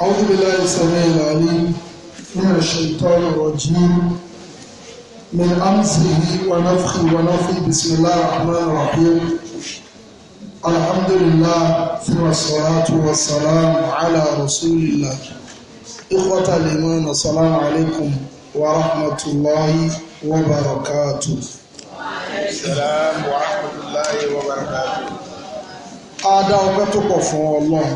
أعوذ بالله السميع العليم من الشيطان الرجيم من أمسه ونفخه ونفخه بسم الله الرحمن الرحيم الحمد لله ثم الصلاة والسلام على رسول الله إخوة الإيمان السلام عليكم ورحمة الله وبركاته السلام ورحمة الله وبركاته Adá ọpẹ́ tó pọ̀ fún Ọlọ́run.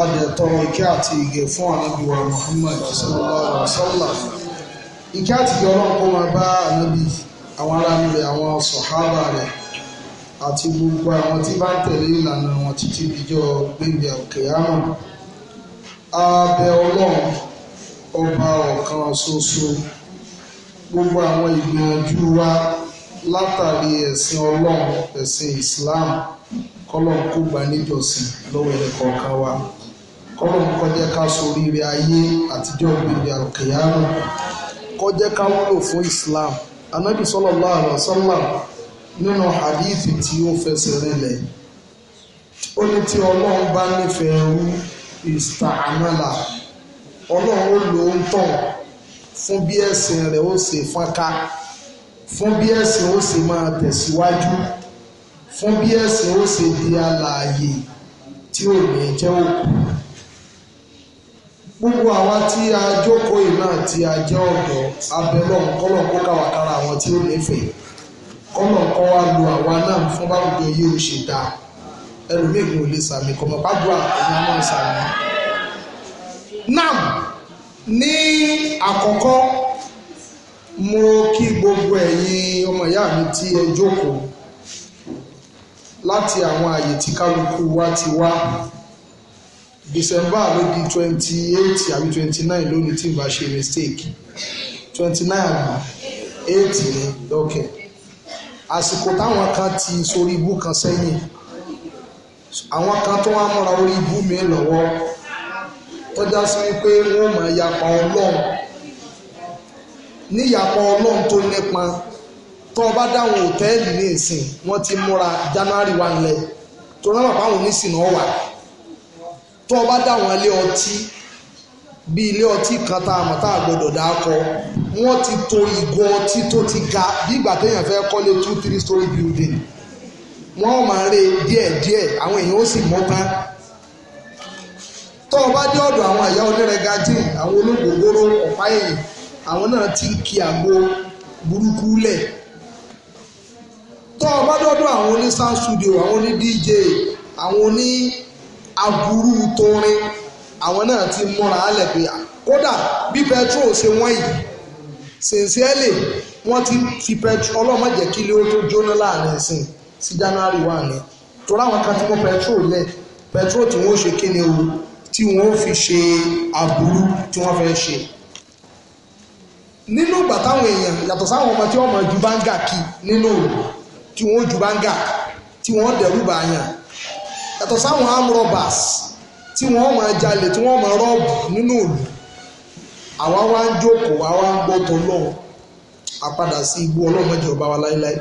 Adé tọrọ ìkẹ́ àti ìgẹ̀ fún ànábì wa Muhammad sallallahu alaihi wa sallam. Ìkẹ́ àti ìgẹ̀ Ọlọ́run kó máa bá ànábì àwọn ará rẹ̀ àwọn sọ̀hábà rẹ̀ àti gbogbo àwọn tí bá ń tẹ̀lé ìlànà wọn títí dijọ́ gbẹ̀gbẹ̀ àkèyàmọ̀. Abẹ Ọlọ́run ọba ọ̀kan ṣoṣo gbogbo àwọn ìgbìyànjú wa látàrí ẹ̀sìn Ọlọ́run ẹ̀sìn Islam. kọ́lọ́n kó gba níjọsìn lọ́wọ́ ẹni kọ̀ọ̀kan wa kọ́lọ́n kọjá ká soríire ayé àtijọ́ gbèrè àkèyàmù kọjá ká wúlò fún Islam anabi sallallahu nínú hadithi tí ó fẹsẹ̀ rinlẹ̀ ó ní bá ó lò ó ń fún bí rẹ̀ ó ṣe fún bí ó ṣe máa fún bí ẹ̀sìn ó ṣe di alààyè tí ò ní jẹ́ òkú gbogbo àwa tí a jókòó iná tí a jẹ́ ọ̀dọ́ abẹ́lọ́ kọ́lọ̀ kó kàwákàrà àwọn tí ó nífẹ̀ẹ́ kọ́lọ̀ kọ́ wa lu àwa náà fún báwùjọ yìí ó ṣe dáa ẹlòmíì kò lè sàmì kọ́mọ pàdùà ẹ̀yìn àwọn sàmì. nam ní àkọ́kọ́ mo kí gbogbo ẹ̀yin ọmọ ìyá mi tí ẹ jókòó láti àwọn àyè tí kálukú wa ti wá december ló di twenty eight àbí twenty nine lónìí tí n bá ṣe mistake twenty nine eight ni okay àsìkò táwọn kan ti sórí ibú kan sẹ́yìn àwọn kan tó wá múra orí ibú mi lọ́wọ́ tọ́já sí wípé wọ́n mọ̀ yapa ọlọ́run níyapa ọlọ́run tó nípa tó o bá dáhùn òtẹ́ẹ̀lì ní ìsìn wọ́n ti múra january one lẹ̀ tó náà bàbá àwọn oníṣìnà wà tó o bá dáhùn ilé ọtí bí ilé ọtí kan tá a mọ̀ tá a gbọ́dọ̀ dá kọ wọ́n ti to ìgò ọtí tó ti ga bí ìgbà téèyàn fẹ́ kọ́lé two three story building wọ́n ò máa re díẹ̀díẹ̀ àwọn èèyàn ó sì mọ́ká tó o bá dé ọ̀dọ̀ àwọn ẹ̀yà onírẹ̀gájìn àwọn olóògbògbòrò ọ̀pá ẹ̀yìn àwọn náà ti ń ki àgbo burúkú lẹ̀ tọ́ ọ bá dọ́dọ̀ àwọn oní sound studio àwọn oní dj àwọn oní aburú torin àwọn náà ti múra alẹ̀ pé kódà bí petrol ṣe wọ́n yìí sincerely wọ́n ti fi petrol ọlọ́mọ jẹ́ kí ilé ó tó jóná láàrin ìsìn sí january one ni torí àwọn kan ti mú petrol lẹ̀ petrol tí wọ́n ṣe kí ni o tí wọ́n fi ṣe aburú tí wọ́n fẹ́ ṣe nínú ìgbà táwọn èèyàn yàtọ̀ sáwọn ọmọ tí wọ́n mọ̀ ju báńgà kí nínú òòlù tí wọ́n ju báńgà tí wọ́n dẹ̀rù bàyàn yàtọ̀ sáwọn amrobas tí wọ́n máa jalè tí wọ́n máa rọ́ọ̀bù nínú ìlú àwa wá ń jókòó àwa ń gbọ́ tọ́lọ́hún àpadà sí igbó ọlọ́run mẹ́jọ bá wa láéláé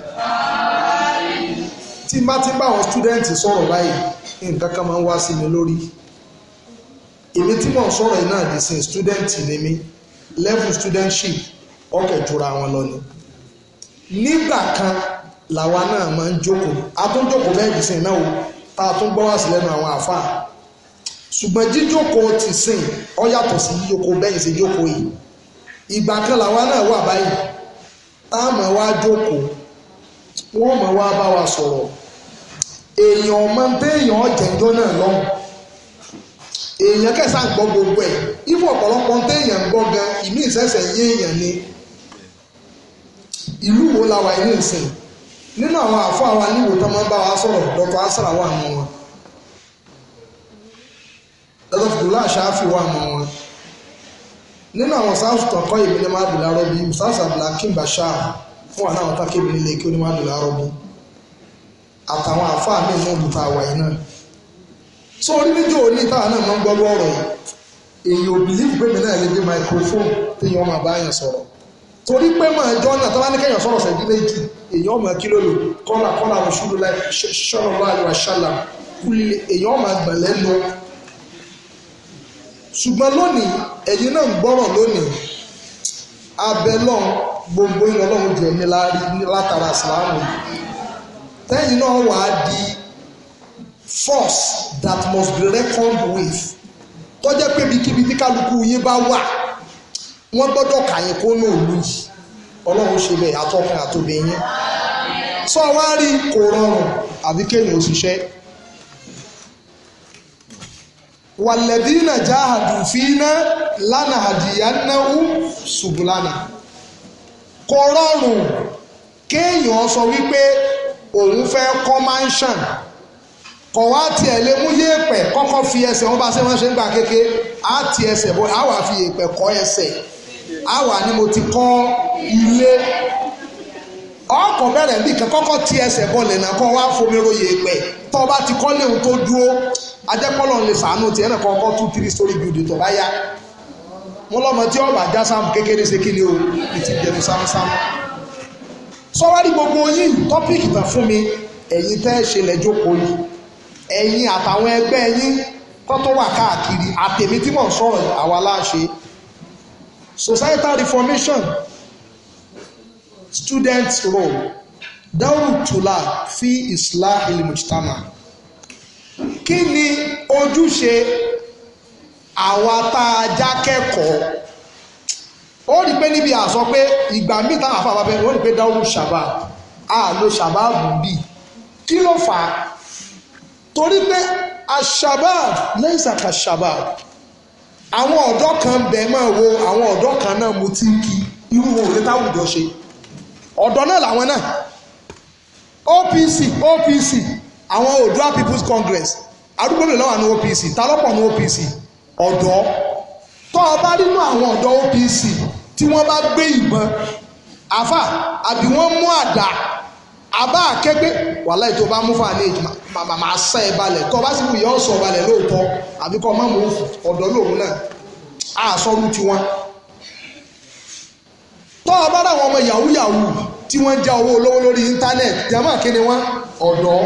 tí bá ti bá àwọn stúdẹ́ǹtì sọ̀rọ̀ báyìí nǹkan kan máa ń wá sí mi lórí èmi tí mò ń sọ̀rọ̀ yìí náà dì sí stúdẹ́ǹtì ni mí level studentship ọkọ̀ ìtura wọn lọ ni nígbà kan làwa náà máa ń jókòó àtúnjókòó bẹ́ẹ̀ sìn náà o tá a tún gbọ́ wá sí lẹ́nu àwọn àáfàá ṣùgbọ́n jíjókòó ti sìn ọ yàtọ̀ sí jíjókòó bẹ́ẹ̀ ṣe jókòó yìí ìgbà kan làwa náà wà báyìí tá a máa wá jókòó wọ́n máa wá bá wa sọ̀rọ̀ èèyàn ọmọ téèyàn ọ̀jẹ̀jọ́ náà lọ́hùn èèyàn kẹsà ń gbọ́ gbogbo ẹ̀ ifọ̀ ọ̀pọ̀lọpọ̀ téèyàn ń gbọ́ gan ìmí ìṣẹ̀ṣẹ̀ yé èèyàn ni ìlú wo la wà ní ìsìn yìí nínú àwọn àfáà wa níwò tó máa ń bá wa sọ̀rọ̀ dr asara wà mọ́ wọn dr fìdúlá àṣàáfì wà mọ́ wọn nínú àwọn sáàsù tó kọ́ ìbílẹ̀ máa dùn lárọ́ bí sáàsù abdulhakeem bashar fún wa náà tákì ìbílẹ̀ ilé kí ó ní máa dùn lárọ́ bí àtàwọn àfáà míì náà bùtà àwàyé náà so orí méjì òní táwa náà máa ń gbọ́rú ọ̀rọ̀ yìí èyí ò bìlíìfù pé mi náà lè dé microphone téèyàn máa bá yàn sọ̀rọ̀ torí pé máa jọ́ náà tó bá ní kéèyàn sọ̀rọ̀ sẹ́jú méjì èyàn ọmọ kí ló lò kọ́là kọ́là rọ̀ṣúlù láì ṣọ́nà láì wàṣálà kúlẹ̀ èyàn ọmọ àgbàlẹ́ lọ. ṣùgbọ́n lónìí ẹ̀yin náà ń gbọ́rọ̀ lónìí abẹ náà gbogbo ìlọ náà jẹ ní látara sàlámù tẹ́yìn náà wàá di force that must be reckoned with tọ́jẹ́ pé bíkíbi tí kálukú yín bá wà wọ́n gbọ́dọ̀ kàyìn kó náà lù ọlọ́run ṣe bẹ́ẹ̀ àtọkùn àtobìnrin sọ wá rí kò rọrùn àbí kéèyàn òṣìṣẹ́ wàlẹ̀dínà jáhàdù fínà lánà àdìyánáwó ṣùgbùlánà kò rọrùn kéèyàn sọ wípé òun fẹ́ kọ́ mansion kọ̀ wá tiẹ̀ lé mú yéèpẹ̀ kọ́kọ́ fi ẹsẹ̀ wọn bá ṣe wọ́n ṣe ń gbà kéke á ti ẹsẹ̀ bọ́ á wà fi yéèpẹ̀ kọ́ ẹsẹ̀ àwa ni mo ti kọ́ ilé ọkọ̀ bẹ̀rẹ̀ bí kan kọ́kọ́ ti ẹsẹ̀ bọ̀lẹ̀ náà kọ́ wá fomi royè pẹ̀ tọ́ ọba ti kọ́ léwu tó dúró ajẹ́pọ̀lọ́ lè sàánú tiẹ̀ náà kọ́kọ́ two three story building tó bá yá mo lọ́mọ tí ọba já sáàmù kékeré ṣe kí ni o ìtì jẹnu sámúsámú sọ́wárí gbogbo yín tọ́píìkì tán fún mi ẹ̀yin tẹ́ ṣe lẹ́jọ́kọ̀ yìí ẹ̀yin àtàwọn ẹgbẹ́ yín tó tó wà káàkiri àtèmi tí mò ń sọ̀rọ̀ àwa láṣẹ societal reformation students role dáhùn tùlà fi ìsìlá ìlìmùtìtàmà kí ni ojúṣe àwa tá a já kẹ́kọ̀ọ́ ó rí pé níbi àsọ pé ìgbà míì táwọn afáfá bẹ ó rí pé dáhùn ṣàbà á lo ṣàbà bùbí kí ló fà á torí pé àṣàbà lẹ́yìn sàkà ṣàbà àwọn ọ̀dọ́ kan bẹ̀ máa wo àwọn ọ̀dọ́ kan náà mo ti ń kí irú wo lè táwùjọ ṣe ọ̀dọ́ náà làwọn náà OPC OPC àwọn Odua People's Congress arúgbó lè lọ́wọ́ ní OPC ta lọ́pọ̀ ní OPC ọ̀dọ́ tó o bá nínú àwọn ọ̀dọ́ OPC tí wọ́n bá gbé ìbọn àfà àbí wọ́n mú àdá àbá àkẹ́gbẹ́ wàhálà ètò bá mú fún àlẹ́ ìjùmọ̀ màmá sá ẹ balẹ̀ kọ́ bá sì wù yọ ọ̀sọ̀ balẹ̀ lóòótọ́ àbí kọ́ má mú ọ̀dọ́ lòun náà àsọ̀rù tiwọn. tọ́ ọ bá ráwọn ọmọ yahoo yahoo tí wọ́n já owó olówó lórí íńtánẹ́ẹ̀tì jàmá kí ni wọ́n ọ̀dọ́.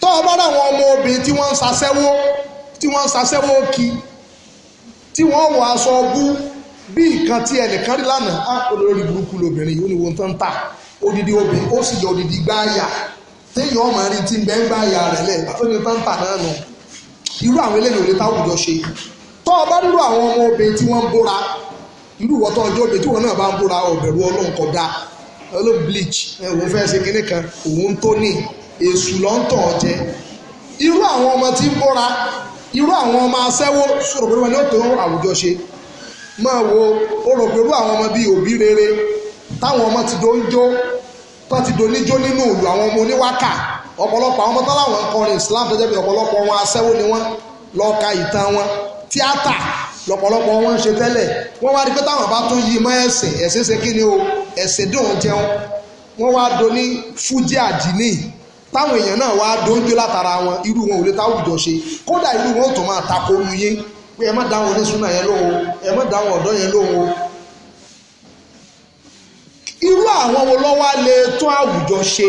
tọ́ ọ bá ráwọn ọmọ obìnrin tí wọ́n ń sasẹ́wó tí wọ́n ń sasẹ́wó kí tí wọ́n wọ aṣọ bú bí nǹkan tí ẹnìkan rí lánàá á olórí burúkú lóbìnrin yìí ó ní wọn tó ń ta odidi obì ó sì yọ odidi gbáàyà téèyàn ọmọ rí ti ń bẹ́ gbáàyà rẹ̀ lẹ̀ bá fẹ́mi pàǹpà náà nù irú àwọn eléyìí ò lè táwùjọ ṣe tọ́ ọ bá nílò àwọn ọmọ obìnrin tí wọ́n ń bóra irú wọ́tọ́ ọjọ́ obìnrin tí wọ́n náà bá ń bóra ọ̀bẹ̀rù ọlọ́run kọjá ọlọ́ bleach òun fẹ́ ṣe kinní kan òun tó ní èṣù lọ́ńtọ̀ ọ̀jẹ́ irú àwọn ọmọ tí ń bóra irú àwọn ọmọ aṣẹ́wó sọ̀rọ̀ pé wọ́n ní ó tó àwùjọ ṣe máa wo ó rò pé irú àwọn ọmọ bíi òbí rere táwọn ọmọ ti do ń jó tán ti do níjó nínú ìlú àwọn ọmọ oníwákà ọ̀pọ̀lọpọ̀ àwọn ọmọ tó láwọn kọrin Islam tó jẹ́ pé ọ̀pọ̀lọpọ̀ wọn aṣẹ́wó ni wọ́n lọ ka ìtàn wọn tíátà lọ̀pọ̀lọpọ̀ wọn ń ṣe tẹ́lẹ̀ wọ́n wá rí pé táwọn bá tún yí mọ́ ẹ̀sìn ẹ̀sìn ṣe kí ni o ẹ̀sìn dùn jẹun wọ́n wá do ní fújì àdínì táwọn èèyàn náà wá dojú látara wọn irú wọn ò lè táwùjọ ṣe kódà irú wọn ò tó máa takò oyún yín pé ẹ má dáhùn oníṣúná yẹn lóhùn ẹ má dáhùn ọ̀dọ́ yẹn lóhùn irú àwọn wo lọ́wọ́ lè tún àwùjọ ṣe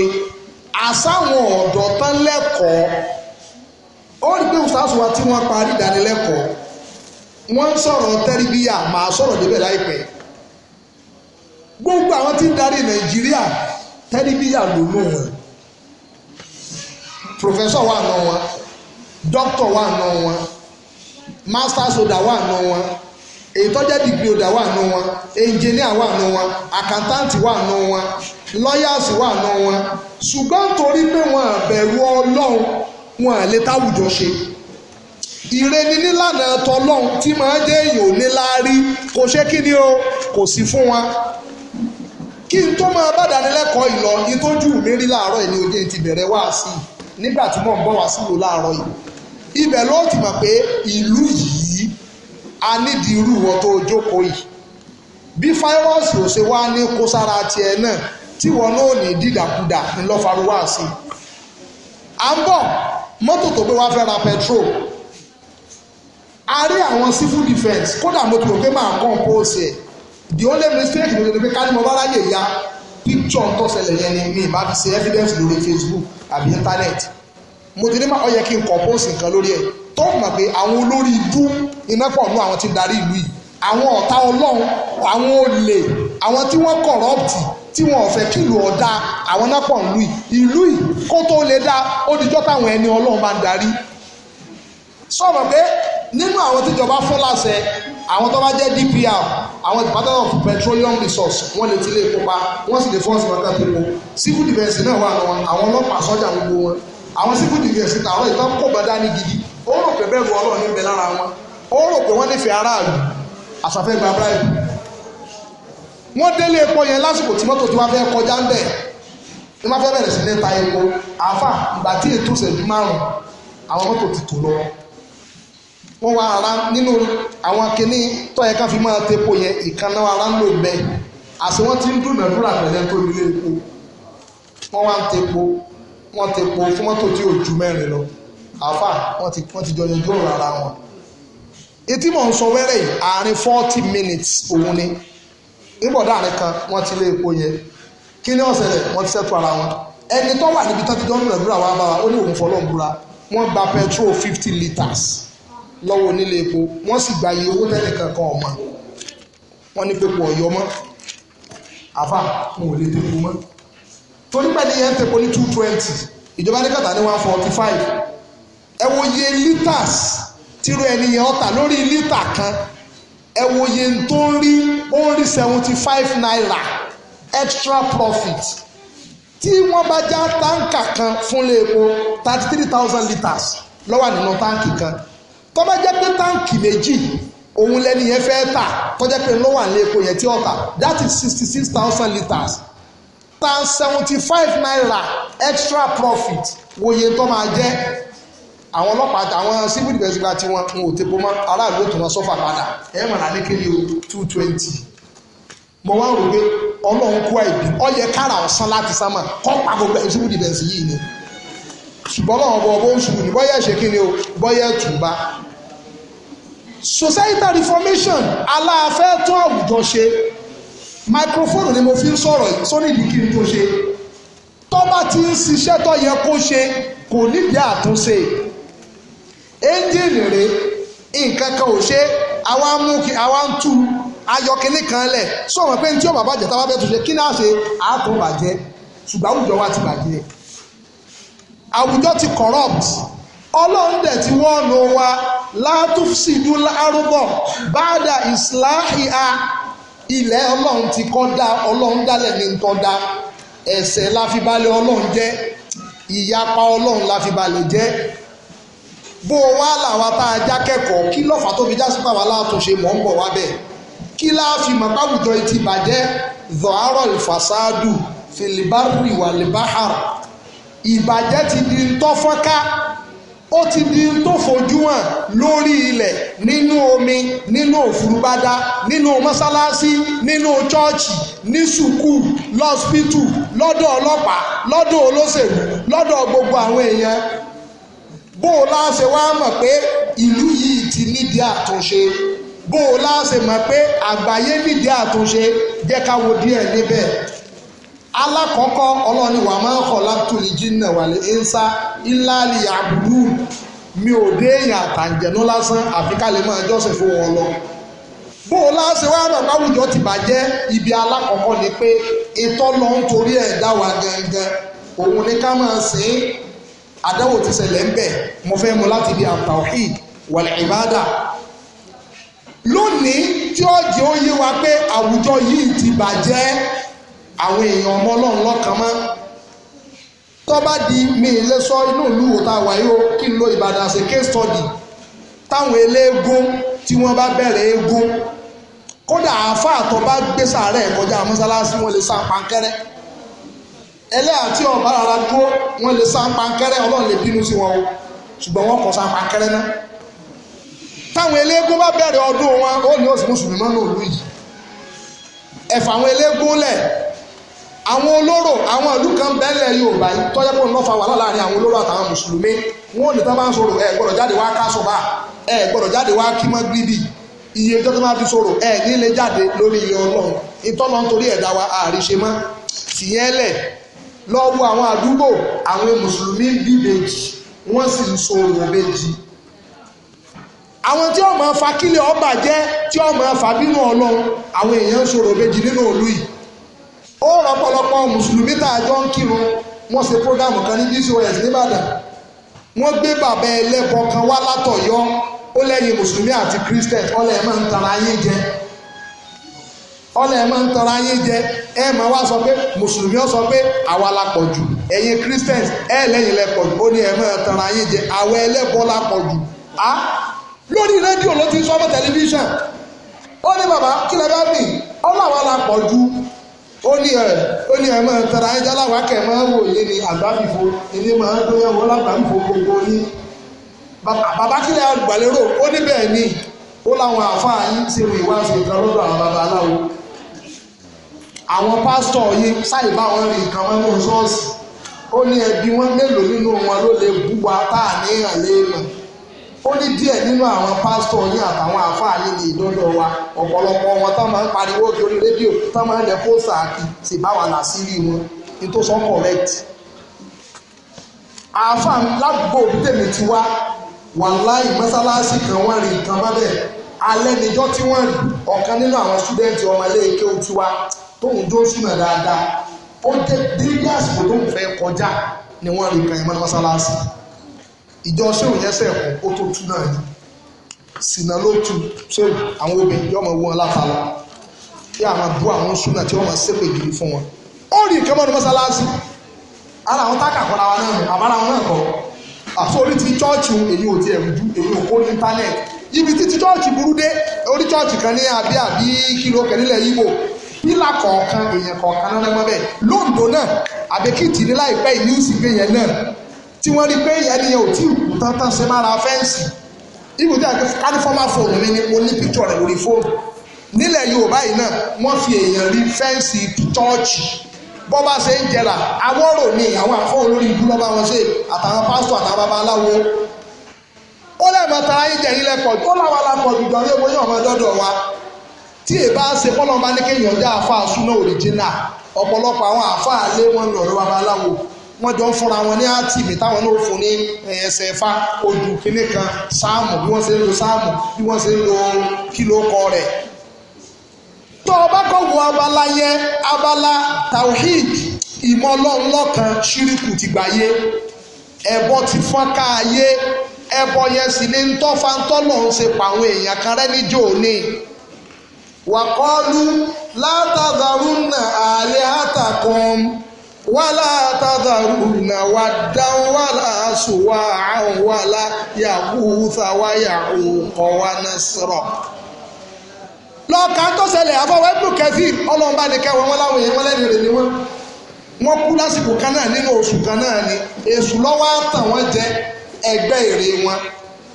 àsáwọn ọ̀dọ́ tán lẹ́kọ̀ọ́ ó rí pé ustaz wa tí wọ́n parí ìdánilẹ́kọ̀ọ́ wọ́n ń sọ̀rọ̀ tẹ́rìbíyà màá sọ̀rọ̀ débẹ̀ láìpẹ́ gbogbo àwọn tí ń darí nàìjíríà tẹ́rìbíyà ló lò wọ́n professor wà nà wọn doctor wà nà wọn master soda wà nà wọn èyí tó jẹ́ dìgírì ọ̀dà wà nù wọn ẹnjìníà wà nù wọn àkántáǹtì wà nù wọn lọ́yàsì wà nù wọn ṣùgbọ́n torí pé wọn àbẹ̀rù ọlọ́run wọn à lè táwùjọ ṣe ìreni nílànà tọlọ́run tí máa jẹ́ èèyàn níláárí kò ṣe kí ni o kò sí fún wa kí n tó máa bá dánilẹ́kọ̀ọ́ ìlọ ìtọ́jú mi rí láàárọ̀ yìí ní ojú ti bẹ̀rẹ̀ wá sí i nígbà tí mò ń bọ̀ wá sílùú láàárọ̀ yìí ibẹ̀ ló ti mọ̀ pé ìlú yìí a nídìí irú wọn tó jókòó yìí bí fáírọ́ọ̀sì ò ṣe wá ní kó sára tiẹ̀ náà tí wọn náà ní dídàkudà ńlọ́farúwá sí i à ń bọ̀ mọ́tò tó gbé wá fẹ́ ra petrol a rí àwọn civil defence kódà mo ti rò pé máa compose ẹ̀ the only mistake ló lè pé ká ní mo bá ráyè ya picture tó ṣẹlẹ̀ yẹn ni mi ìbá fi ṣe evidence lórí Facebook àbí internet mo ti ní ma ọ yẹ kí n compose nǹkan lórí ẹ̀ tó mọ̀ pé àwọn olórí ibú iná pọ̀ nú àwọn tí ń darí ìlú yìí àwọn ọ̀tá ọlọ́run àwọn olè àwọn tí wọ́n kọ̀rọ̀pùtì tí wọn ò fẹ́ kí ìlú ọ̀dà àwọn náà pọ̀ nlú yìí ìlú yìí kó tó lè dá ó dijọ́ táwọn ẹni ọlọ́run bá ń darí sọ̀rọ̀ pé nínú àwọn tíjọba fún láṣẹ àwọn tó bá jẹ́ DPR àwọn Department of Petroleum Resources wọ́n lè ti lè kópa wọ́n sì lè fọ́ọ̀sì wọn kan tó wọ civil defence náà wà wọn àwọn ọlọ́pàá sọ́jà gbogbo wọn àwọn civil defence tààrọ̀ ìtàn kò bá dání gidi ó rò pé bẹ́ẹ̀ lu ọlọ́run ní bẹ lára wọn ó rò pé wọ́n nífẹ̀ẹ́ aráàlú àṣàfẹ́ gba bíráìbù wọ́n délé epo yẹn lásìkò tí mọ́tò tí wọ́n fẹ́ kọjá ń bẹ̀ ní wọ́n fẹ́ bẹ̀rẹ̀ sí ní ta epo àáfà ìgbà tí ètò ìṣẹ́jú márùn-ún àwọn mọ́tò ti tò lọ wọ́n wá ara nínú àwọn kinní tó yẹ ká fi máa tepo yẹn ìkànnà ara ń lò bẹ́ẹ̀ àṣẹ wọ́n ti ń dúnàdúrà pẹ̀lẹ́ tó ilé epo wọ́n wá ń tepo wọ́n tepo fún mọ́tò tí ò ju mẹ́rin lọ àfà wọ́n ti wọ́n ti jọ yanjú ọ̀rọ̀ ara wọn etí mò ń sọ wẹ́rẹ́ yìí àárín forty minutes òun ni ìbọ̀dá àárín kan wọ́n ti lé epo yẹn kí ni ọ̀sẹ̀ rẹ̀ wọ́n ti sẹ́tù ara wọn ẹni tó wà níbi tán ti dánwò ẹ̀bùrà wa bá wa ó ní òun fọlọ́n búra wọ́n gba petrol fifty litres lọ́wọ́ onílé epo wọ́n sì gba iye owó tẹ́lẹ̀ kankan ọ̀mọ́ wọ́n ní pépò ọ̀yọ́ mọ́ àfà wọn ò lè tẹ́kù mọ́ torí pẹ́ẹ́ni yẹn ń tẹ́kù ní two twenty ìjọba ní kàtà ní one forty five ẹ wo iye litres tírú ẹni yẹn ọ̀tà lórí lítà kan ẹ wo iye tó ń rí ó ń rí seventy five naira extra profit tí wọ́n bá já táǹkà kan fúnlé epo thirty three thousand litres ló wà nínú táǹkì kan tó bá jẹ́ pé táǹkì méjì òun lẹ́ni yẹn fẹ́ tà tó jẹ́ pé ló nílé epo yẹn tí ó tà that is sixty six thousand litres tan seventy five naira extra profit wòye tó máa jẹ́ àwọn ọlọ́pàá àwọn civil defence gba tí wọn ò tẹ́pọ̀ mọ́ aráàlú òtún náà sọ́fà padà ẹ̀ mọ̀ náà lékele o two twenty mo wá rò pé ọlọ́run kú àìbí ọ yẹ kára ọ̀sán láti sámà kọ́ pa gbogbo ẹ̀ civil defence yìí ni ṣùgbọ́n náà ọ̀bọ̀ ọ̀bọ̀ oṣù ní bọ́yá ṣe kí ni o bọ́yá tùbá societal reformation aláàfẹ́ tún àwùjọ ṣe microphone ni mo fi ń sọ̀rọ̀ sóní ìdí kí n tó ṣe tọ́ba ti ń ṣiṣẹ́ tó yẹ kó ṣe kò nídìí àtúnṣe ẹ́ńjìnì rèé nǹkan kan ò ṣe àwa mú kí àwa ń tú ayọkẹ́lẹ́ kan lẹ̀ sọ wọn pé ní tí ó bàbá jẹ tá a bá fẹ́ tún ṣe kí náà ṣe àátún bàjẹ́ ṣùgbọ́n àwùjọ wa ti bàjẹ́ àwùjọ ti corrupt ọlọ́run dẹ̀ ti wọ́ọ̀nù wa látúnṣìdú lárúbọ̀ báàdà ìsìláhìá ilẹ̀ ọlọ́run ti kọ́ da ọlọ́run dálẹ̀ ní nǹkan da ẹ̀ṣẹ̀ láfibalẹ̀ ọlọ́run jẹ́ ìyapa ọlọ́run láfibalẹ̀ jẹ́ bó o wá làwa tá a já kẹ́kọ̀ọ́ kí lọ́fà tó fi já sí pàwọ́ aláàtúnṣe mọ̀ ń bọ̀ wá bẹ́ẹ̀ kí láàfin mọ̀páwùjọ ti bàjẹ́ zọ̀hárọ̀ ìfàsáàdù filibari wàlibahar ìbàjẹ́ ti di ń tọ́fọ́ká ó ti di ń tó fojú hàn lórí ilẹ̀ nínú omi nínú òfurubádá nínú mọ́sálásí nínú chọ́ọ̀chì ní sùkúù lọ́spítù lọ́dọ̀ ọlọ́pàá lọ́dọ̀ olóṣèlú lọ́dọ̀ gbogbo àwọn èèyàn bó o láṣẹ wá mọ̀ pé ìlú yìí ti nídìí àtúnṣe bó o láṣẹ mọ̀ pé àgbáyé nídìí àtúnṣe jẹ́ ká wo díẹ̀ níbẹ̀ alákọ̀ọ́kọ́ ọlọ́ni wà máa ń kọ̀ látòlí jìnnà wàlẹ̀ ẹ̀ńsá ńlá lè àbúrú mi ò dé èèyàn àtàǹjẹ̀nú lásán àfi ká lè máa jọ́sìn fún wọn lọ bó o láṣẹ wá rọ̀ káwùjọ ti bàjẹ́ ibi alákọ̀ọ́kọ́ ni pé ìtọ́ lọ ń torí ẹ̀ dá wa gangan òun ni ká máa sìn ín àdáwò ti ṣẹlẹ̀ ń bẹ̀ mo fẹ́ mu láti bí àtàwọ̀hìd wal ìbádà lónìí tí ó jẹ́ ó yé wa pé àwùjọ yìí ti bàjẹ́ àwọn èèyàn ọmọ ọlọ́run lọ́kàn mọ́ tó bá di mi ilé sọ inú ìlú wo tá a wà yóò kí n lo Ìbàdàn ṣe case study táwọn eléégún tí wọ́n bá bẹ̀rẹ̀ eégún kódà àáfàá tó bá gbé sàárẹ̀ kọjá mọ́sálásí wọn lè sá pankẹ́rẹ́ ẹlẹ́yà tí ọba rárá dúró wọ́n lè sá pankẹ́rẹ́ ọlọ́run lè bínú sí wọn o ṣùgbọ́n wọ́n kọ́ sá pankẹ́rẹ́ náà táwọn eléégún bá bẹ̀rẹ̀ ọdún wọn ó ní oṣù mùsùlùmí mọ́ náà lù yìí ẹ̀fà àwọn eléégún lẹ̀ àwọn olóró àwọn ìlú kan bẹ́lẹ̀ yorùbá yìí tọ́jà pé ńlọ́fà wà láàrin àwọn olóró àtàwọn mùsùlùmí wọn ò ní tán bá ń sọ̀rọ̀ ẹ gbọ́dọ̀ jáde wá kásùbà ẹ gbọ́dọ̀ jáde wá kí mọ́ gbíbì iye tó tó máa fi sọ̀rọ̀ ẹ ní lè jáde lórí iye ọlọ́run ìtọ́lọ́ nítorí ẹ̀dá wa àríṣe mọ́ fìyẹ́lẹ̀ lọ́wọ́ àwọn àdúgbò àwọn mùsùlùmí ń bí ìbejì wọ́n sì ń so òwò ìbejì àwọn tí ó máa fa kílẹ̀ ọba jẹ́ tí ó máa fa bínú ọlọ́run àwọn èèyàn ń sọ̀rọ̀ ìbejì nínú ìlú yìí ó rọpọlọpọ mùsùlùmí tá a jọ ń kírun wọ́n ṣe prógámù kan ní bcos nìbàdàn wọ́n gbé bàbá ẹlẹ́bọ kan wá látọ̀yọ́ ó lẹ́yìn mùsùlùmí àti christian ọlẹ́ ẹ̀ máa ń tara ayé jẹ ọlẹ́ ẹ̀ máa ń tọrọ ayé jẹ ẹ máa wá sọ pé mùsùlùmí ọ sọ pé àwa la pọ̀ jù ẹ̀yin christians ẹ lẹ́yìn lẹ pọ̀ jù ó ní ẹ máa tọrọ ayé jẹ àwa ẹlẹ́bọ la pọ̀ jù á lórí rédíò ló ti sọ ọmọ tẹlifíṣàn ó ní bàbá kí lẹ bá bì ọlọ́ àwa la pọ̀ jù ó ní ẹ ó ní ẹ máa tọrọ ayé jẹ aláwa kẹ máa wò yé ni àgbáfìfo ẹni máa dóyàwó lágbàmìfo gbogbo yín bàbá kí lẹ àgbàlérò ó ní bẹ́ẹ̀ ni ó láwọn àáfàá yín ṣe ìwà ṣe ìtàn lọ́dọ̀ àwọn baba aláwo àwọn pásítọ̀ yìí ṣáì bá wọn rí nǹkan mọ́ nínú ṣọ́ọ̀ṣì ó ní ẹbí wọn mélòó nínú wọn ló lè bú wa tá à ní ìrànlẹ́ mọ̀ ó ní díẹ̀ nínú àwọn pásítọ̀ yín àtàwọn àáfàá ní ìdọ́dọ̀ wa ọ̀pọ̀lọpọ̀ wọn tá máa ń pariwo lórí rédíò tá máa ń lẹ fóòsà àti sì bá wà láṣìírí wọn ní tó sọ correct. àáfàá ládùúgbò tèmi ti wá wàláì mọ́sálásí kan wọ́n rí nǹkan mọ́bẹ̀ alẹ́ níjọ́ tí wọ́n ọ̀kan nínú àwọn sítúdẹ̀ǹtì ọmọ ilé tóun dúró súnà dáadáa ó jẹ́ déédé àsìkò tóun fẹ́ kọjá ni wọ́n rí kan ìmọ̀ mọ́sálásí ìjọ sẹ́wọ̀n yẹn sẹ́ẹ̀kọ́ ó tó tú náà ni sìnà ló tu sẹ́wọ̀n àwọn obìnrin yóò máa wú wọn láfa lọ kí àwọn bú àwọn súnà tí wọ́n máa ṣépè gidi fún wọn ó rí kan mọ́ mọ́sálásí ara àwọn táàkà kọ́ra wa náà àbára wọn náà kọ́ àforí ti chọ́ọ̀chì èyí ò ti ẹ̀rùjú èyí ò kó ní íńtánẹ́ẹ̀tì ibi títí chọ́ọ̀chì burú dé orí chọ́ọ̀chì kan ní abí kìlọ̀ kẹ́lílẹ̀ Ìgbò pílà kọ̀ọ̀kan èèyàn kọ̀ọ̀kan náà lọ́gbọ́n bẹ́ẹ̀ lóńdó náà àbẹ́kìtì ní láìpẹ́ ìlú ìsìnkú èèyàn náà tí wọ́n rí pé ẹni yẹn ò tí ì kú tán tán ṣe mára fẹ́ǹsì ibù tí a ti ká ní fọ́mà fóònù mi ni mo ní píkítọ̀ rẹ̀ lórí fóònù nílẹ̀ Yorùbá yìí náà wọ́n fi èèyàn rí fẹ́ǹsì chọ́ọ̀chì bọ́ bá ṣe ń jẹrà awọ́rò ni àwọn àfọ́n olórí ìlú lọ́ba wọn ṣe àtàwọn pásítọ̀ àtàwọn babaláwo ó lẹ́ẹ̀mọ́ta ayé jẹ̀yìn lẹ́pọ̀ tó láwọn alápọ̀ jùjọ ní ebo yóò máa dọ́dọ̀ wa tí èbá ṣe pọ́nlọ́ bá ní kéèyàn jẹ́ àáfàá súná òrìjínà ọ̀pọ̀lọpọ̀ àwọn àáfàá lé wọn ní babaláwo wọ́n jọ ń fúnra wọn ní átìmì táwọn náà fún ní ẹsẹ̀ kan sáàmù bí wọ́n ṣe ń lo sáàmù bí wọ́n ṣe ń lo abala yẹn abala tawhid ṣíríkù ti yé ẹbọ ti ẹbọ yẹn sì ń ń ṣe pàwọn èèyàn kan وقالوا لا تذرن آلهتكم ولا تذرن ودا ولا سواعا ولا يغوث ويعوق ونسرا lọ́ọ̀ká tó ṣẹlẹ̀ àfọwọ́ ẹ̀bù kẹfì ọlọ́ọ̀bá ni kẹwọn wọn láwọn èèyàn wọn lẹ́nu rẹ̀ ni wọn wọn kú lásìkò kan náà nínú oṣù kan náà ni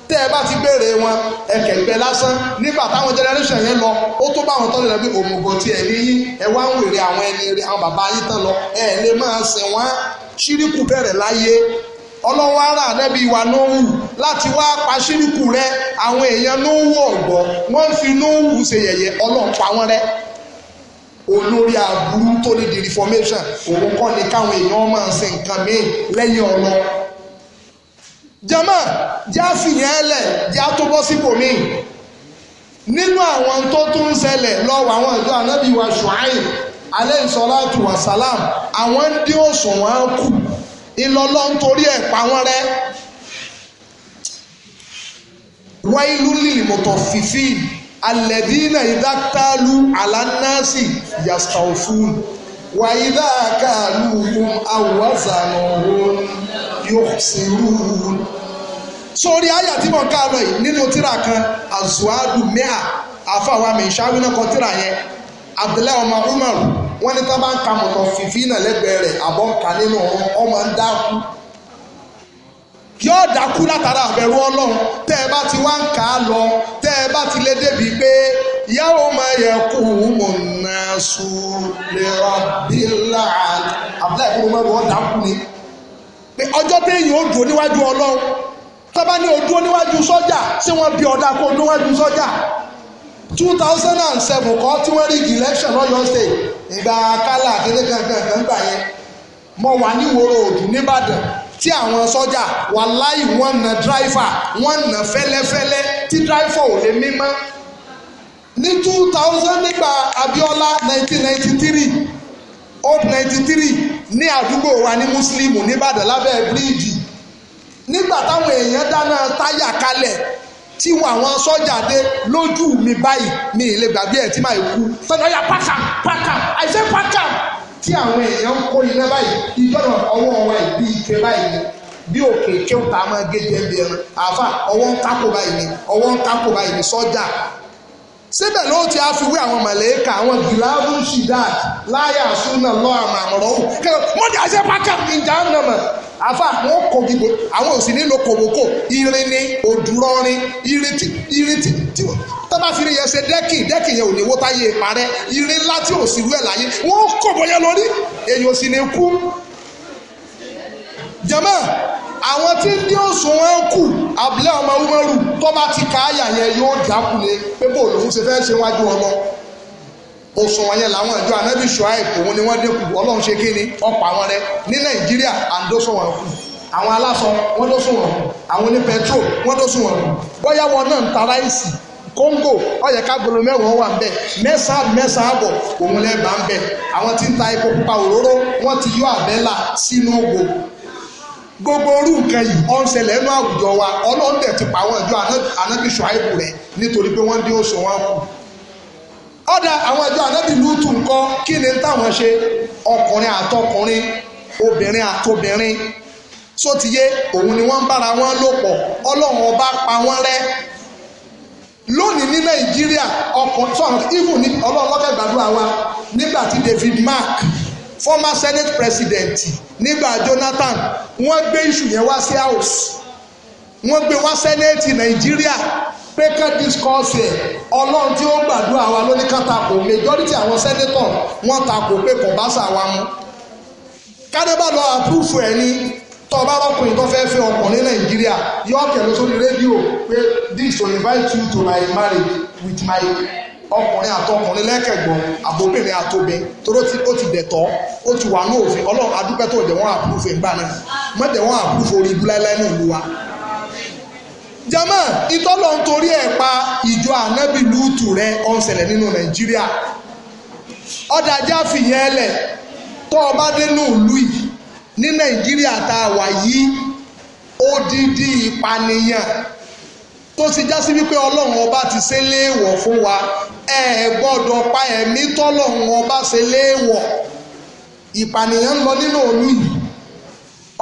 tẹ́ ẹ bá ti béèrè wọn ẹ̀kẹ́ gbẹ lásán nígbà táwọn generation yẹn lọ ó tó bá àwọn tọ́lẹ̀ lọ́bí òmùgọ̀ tí ẹ̀ ní yín ẹ wá ń wèrè àwọn ẹni rẹ àwọn bàbá yín tán lọ ẹ lè máa sìn wọ́n ṣíríkù bẹ̀rẹ̀ láyé ọlọ́wọ́ ara ànábì wa nóhùn láti wá pa ṣíríkù rẹ àwọn èèyàn nóhùn ọ̀gbọ́ wọ́n ń fi nóhùn ṣe yẹ̀yẹ́ ọlọ́ọ̀pá wọn rẹ́ olórí aburú tó ní di reformation òun kọ́ ni káwọn èèyàn máa ṣe nǹkan míì lẹ́yìn ọlọ́ọ̀ jama já fìyẹn lẹ̀ já tó bọ́ sípò míì nínú àwọn tó tún ń ṣẹlẹ̀ lọ́wọ́ àwọn ìjọ ànábì wa ṣùáì alayhi salatu wa salam àwọn ń dín òṣùwọ̀n kù ìlọlọ́ nítorí ẹ̀ pa wọ́n rẹ́ wáìlú lìlìmọ̀tọ̀ fìfì alẹ́dínà ìdákàlù alánàásì yastawfun wàyídà kàlù kún awwazanu yóò ṣerú sórí àyà tí mo ká lọ yìí nínú tíra kan azuadu mia àfàwà mẹ̀ṣáwí náà kọ tíra yẹn abdullahi ọmọ umaru wọn ní tábà ń ka mọ̀tọ̀ fìfì náà lẹ́gbẹ̀ẹ́ rẹ̀ àbọ̀ ń ka nínú ọmọ ń dákú yóò dákú látara àbẹ̀rù ọlọ́run tẹ́ ẹ bá ti wá ń kà á lọ tẹ́ ẹ bá ti lé débi pé yàwó máa yẹ kú mọ̀nà sùlẹ̀rọ̀ bílà abdullahi ọmọ umaru wọn dákú ni pé ọjọ́ téèyàn ó dùn níwájú ọlọ́run tọ́ba ní o dúró sọ́jà tí wọ́n bí ọ̀dà kó o sọ́jà two thousand and seven kọ́ tí wọ́n rí election lọ́yọ́ ṣe ìgbà kálá kéde kankan kan gbà yẹn mo wà ní ìwòrò òdù nìbàdàn tí àwọn sọ́jà wà láì wọ́n na dráìfà wọ́n na fẹ́lẹ́fẹ́lẹ́ tí dráìfà ò lè mí ní two thousand nígbà abiola nineteen ninety three old ninety three ní àdúgbò wa ní Muslim nìbàdàn lábẹ́ bíríìjì nígbà táwọn èèyàn dáná táyà kalẹ̀ tí wọn àwọn sọ́jà dé lójú mi báyìí ní ilé gbàgbé ẹ̀ tí màá kú sọ́jà pàkà pàkà àìsẹ́ pàkà tí àwọn èèyàn ń kó iná báyìí ìjọba ọwọ́ wa ìbí ike báyìí ni bí òkè kí ó ta máa gé jẹ́ bí ẹran àáfà ọwọ́ ń kákò báyìí ni ọwọ́ ń kákò báyìí ni sọ́jà síbẹ̀ ló ti á fi wé àwọn mọ̀lẹ́kà àwọn gíláàbù ṣìdáàd láyà súnà lọ́ọ̀mà àmọ̀rọ̀ òun kẹ́kọ̀ọ́ mọ́jà ṣe pàkà ìjà ń àfà wọn kò gbogbo àwọn ò sì nílò kòbókò irin ni òdùrọrin irin tí irin tí tí tó bá fi rí yẹn ṣe dẹ́kì dẹ́kì yẹn ò ní wó táyé parẹ́ irin ńlá tí ò sì rú ẹ̀ láyé wọn kò bóyá lórí èyí ò sì ní kú jama àwọn tí ń dín òṣùwọ̀n kù abúlé ọmọ umaru tó bá ti káyà yẹn yóò jákulẹ̀ pé bó lòun ṣe fẹ́ ṣe wájú ọmọ òṣùwọ̀n yẹn làwọn ìjọ anabi shuaib òun ni wọ́n dínkù ọlọ́run ṣe kí ni ọ̀pọ̀ àwọn rẹ ní nàìjíríà àǹdóṣùwọ̀n kù àwọn aláṣọ wọ́n dóṣùwọ̀n kù àwọn oní pẹtrol wọ́n dóṣùwọ̀n kù bóyá wọn náà ń ta ráìsì kóńgò ọ̀yẹ̀ kágbolo mẹ́wọ̀n wà ńbẹ̀ mẹ́sàn-án mẹ́sàn-án àbọ̀ òun lẹ́ bá ń bẹ̀ àwọn tí ń ta epo pupa òróró wọ́n ti yọ àbẹ́là sínú ògbò gbogbo orú nǹkan yìí ọ̀n ṣẹlẹ̀ nínú àwùjọ wa ọlọ́ọ̀dẹ̀ ti pa àwọn ìjọ anábìṣọ àìkú rẹ̀ nítorí pé wọ́n dín òṣùwọ̀n kù ọ̀dà àwọn ẹ̀jọ́ ànábì lútù ńkọ́ kí ni táwọn ṣe ọkùnrin àtọkùnrin obìnrin àtobìnrin sótìyé òun ni wọ́n ń bára wọn lò pọ̀ ọlọ́run ọba pa wọ́n rẹ́ lónìí ní nàìjíríà ọkùnrin sọ̀rọ̀ even ní ọlọ́run lọ́kẹ́ gbàdúrà wa nígbà tí David Mark former senate president nígbà Jonathan wọ́n gbé iṣu yẹn wá sí house wọ́n gbé wá senate nàìjíríà pé ká discuss ẹ̀ ọlọ́run tí ó gbàdúrà wa ló ní ká takò majority àwọn senator wọ́n takò pé kò bá sà wa mu kádébà lọ àpúrúfù ẹ̀ ni tó bá rọ́kùnrin tó fẹ́ fẹ́ ọkùnrin nàìjíríà yọ kẹ̀lú sórí rédíò pé this to invite you to my marriage with my ọkùnrin àtọkùnrin lẹ́kẹ̀gbọ́n àbóbìnrin àtobìn toró ó ti dẹ̀tọ́ ó ti wà ní òfin ọlọ́run adúpẹ́ tó jẹ́ wọ́n àpúrúfù ìgbà náà mọ́tẹ̀ wọ́n àpúrúfù orí ibú láíláí náà lu wa jama ìtọ́lọ̀ ń torí ẹ̀ pa ìjọ ànábì lúùtù rẹ ọ̀sẹ̀lẹ̀ nínú nàìjíríà ọ̀dàjà fìyẹn lẹ̀ tó o bá lui ìlú yìí ní nàìjíríà tá a wà yìí odidi ìpànìyàn tó ti já sí wípé ọlọ́run ọba ti ṣe léèwọ̀ fún wa ẹ pa ẹ̀mí tọ́lọ́run ọba ṣe léèwọ̀ ìpànìyàn ń lọ nínú ìlú yìí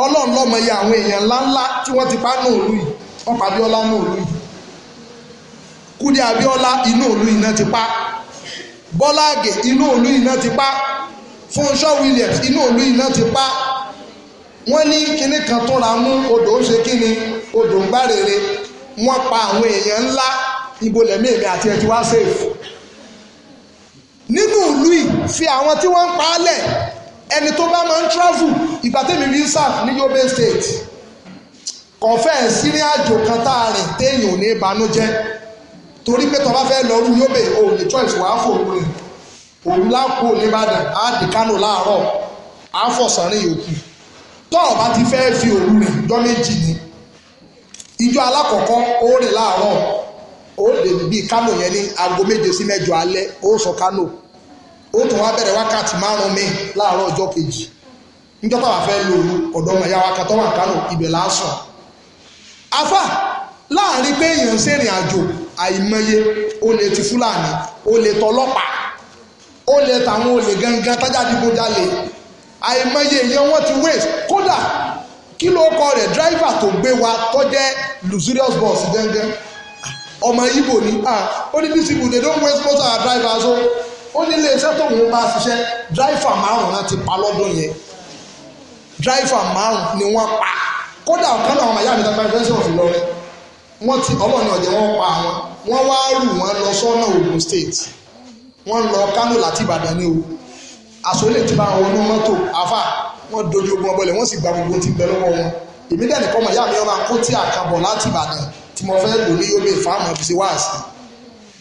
ọlọ́run lọ́mọ iye àwọn èèyàn ńláńlá tí wọ́n ti pa nínú ìlú yìí wọ́n pa Abíọ́lá ní òlu yìí Kúdí abiola inú òlu yìí náà ti pa Bọ́lá Àgè inú òlu yìí náà ti pa Fúnṣọ́ Williams inú òlu yìí náà ti pa wọ́n ní kinní kan tó ra mú odò ó ṣe kíni odò ń bá rere wọ́n pa àwọn èèyàn ńlá ibo lẹ́mí èmi àti ẹ ti wá sèfù nínú ìlú yìí fi àwọn tí wọ́n ń pa á lẹ̀ ẹni tó bá máa ń travel ìgbà tẹ́mi rí sáà ní Yobe State kọ̀fẹ́ sírin àjò kan tá a rìn téèyàn ò ní banújẹ́ torí pé tọ́ba fẹ́ lọ rú yóbè òòlù choice wàá fòrú rìn òòlù lápò nìbàdàn áàdì kánò láàárọ̀ àfọ̀sánrin yòókù bá ti fẹ́ fi òòlù rìn jọ méjì ni ìjọ alákọ̀ọ́kọ́ ó rìn láàárọ̀ ó lè bí kánò yẹn ní aago méje sí mẹ́jọ alẹ́ ó sọ kánò ó mi láàárọ̀ ọjọ́ kejì níjọ́ fẹ́ ọ̀dọ́ ọmọ ìyá wa afa láàrin pé èèyàn ń ṣèrìn àjò àìmọye olè ti fúlàní olè tọlọ́pàá olè tàwọn olè gangan tájà dìbò jalè àìmọye èèyàn wọn ti waste kódà kí ló kọ rẹ̀ dráìvà tó gbé wa tó jẹ́ luxurious bus gangan ọmọ ibo ni ó ní these people they don't waste most of our drivers o ó ní iléeṣẹ́ tóun bá ṣiṣẹ́ dráìvà márùn-ún ti pa lọ́dún yẹn dráìvà márùn-ún ni wọ́n pa kódà ọ̀kan náà àwọn àyà mi tàbí federation of Ìlọrin wọ́n ti ọlọ́ọ̀ni ọ̀jẹ̀ wọn pa àwọn wọ́n wá rù wọ́n lọ sọ́nà Ògùn state wọ́n lọ Kánò láti Ìbàdàn ní o àsọlẹ̀ ti bá wọn ní mọ́tò afa wọ́n dojú ogun ọbọ̀lẹ̀ wọ́n sì gba gbogbo ti bẹ lọ́wọ́ wọn èmi dẹ̀ nìkan mọ̀ ìyá mi ọba kó tí àkàbọ̀ láti Ìbàdàn tí mo fẹ́ lò ní Yobe fáwọn àbísí wáàsí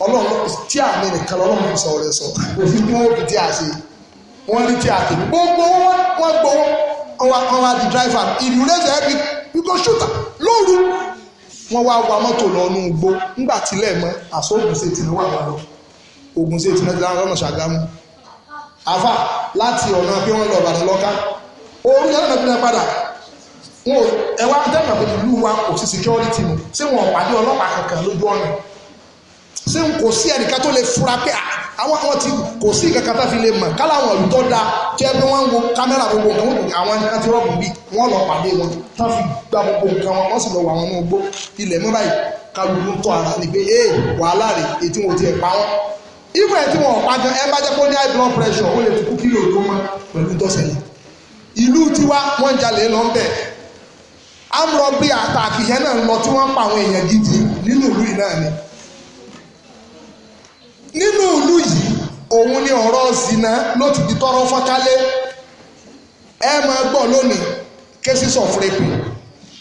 ọlọ́run tí àmì nìkan lọ́lọ́run sọ̀rọ̀ sọ òfin tí wọ́n fi tí a ọwọ́ ọwọ́ di dráìfà ìrìnrẹ́sẹ̀ ẹ̀bí ikọ̀ ṣúta lóru wọ́n wá wa mọ́tò lọ ọ̀nù gbó ńgbà tílẹ̀ mọ́ àṣọ Ogun ṣe tìǹà wà lọ Ògùn ṣe tìǹà tìǹà lọ́nà Ṣàgámù àfà láti ọ̀nà bí wọ́n lọ Ìbàdàn lọ́ká òun yẹn lọ́nà ìpínlẹ̀ padà wọn ìlú wa kò sí security mu wọn pàdé ọlọ́pàá kankan lójú ṣé n kò sí ẹnìkan tó lè fura pé ah, àwọn àwọn ti kò sí kankan tá fi lè mọ̀ kálá àwọn ìlú tó da jẹ́ pé wọ́n ń wo kámẹ́rà gbogbo nǹkan wọn àwọn nǹkan ti rọ́ọ̀bù bíi wọ́n lọ pàdé wọn tá fi gba gbogbo nǹkan wọn wọ́n sì lọ wà wọn ní ogbó ilẹ̀ mú báyìí kálukú ń tọ́ ara ni pé ee wàhálà rè ètí wọn ò tiẹ̀ pa wọn. ibùdó ẹ̀ tí wọn pa gan ẹ bá jẹ́ kó ní high blood pressure ó lè fi kú kílò tó mọ́ pẹ̀lú tọ́sẹ̀lẹ̀ ìlú tiwa wọ́n jalè lọ́nbẹ̀ amúrọ̀bí àtàkì yẹn nínú ìlú yìí òun ni ọ̀rọ̀ ṣìnà ló ti di tọrọ fọ́kálẹ̀ ẹ máa gbọ́ lónìí cases of rape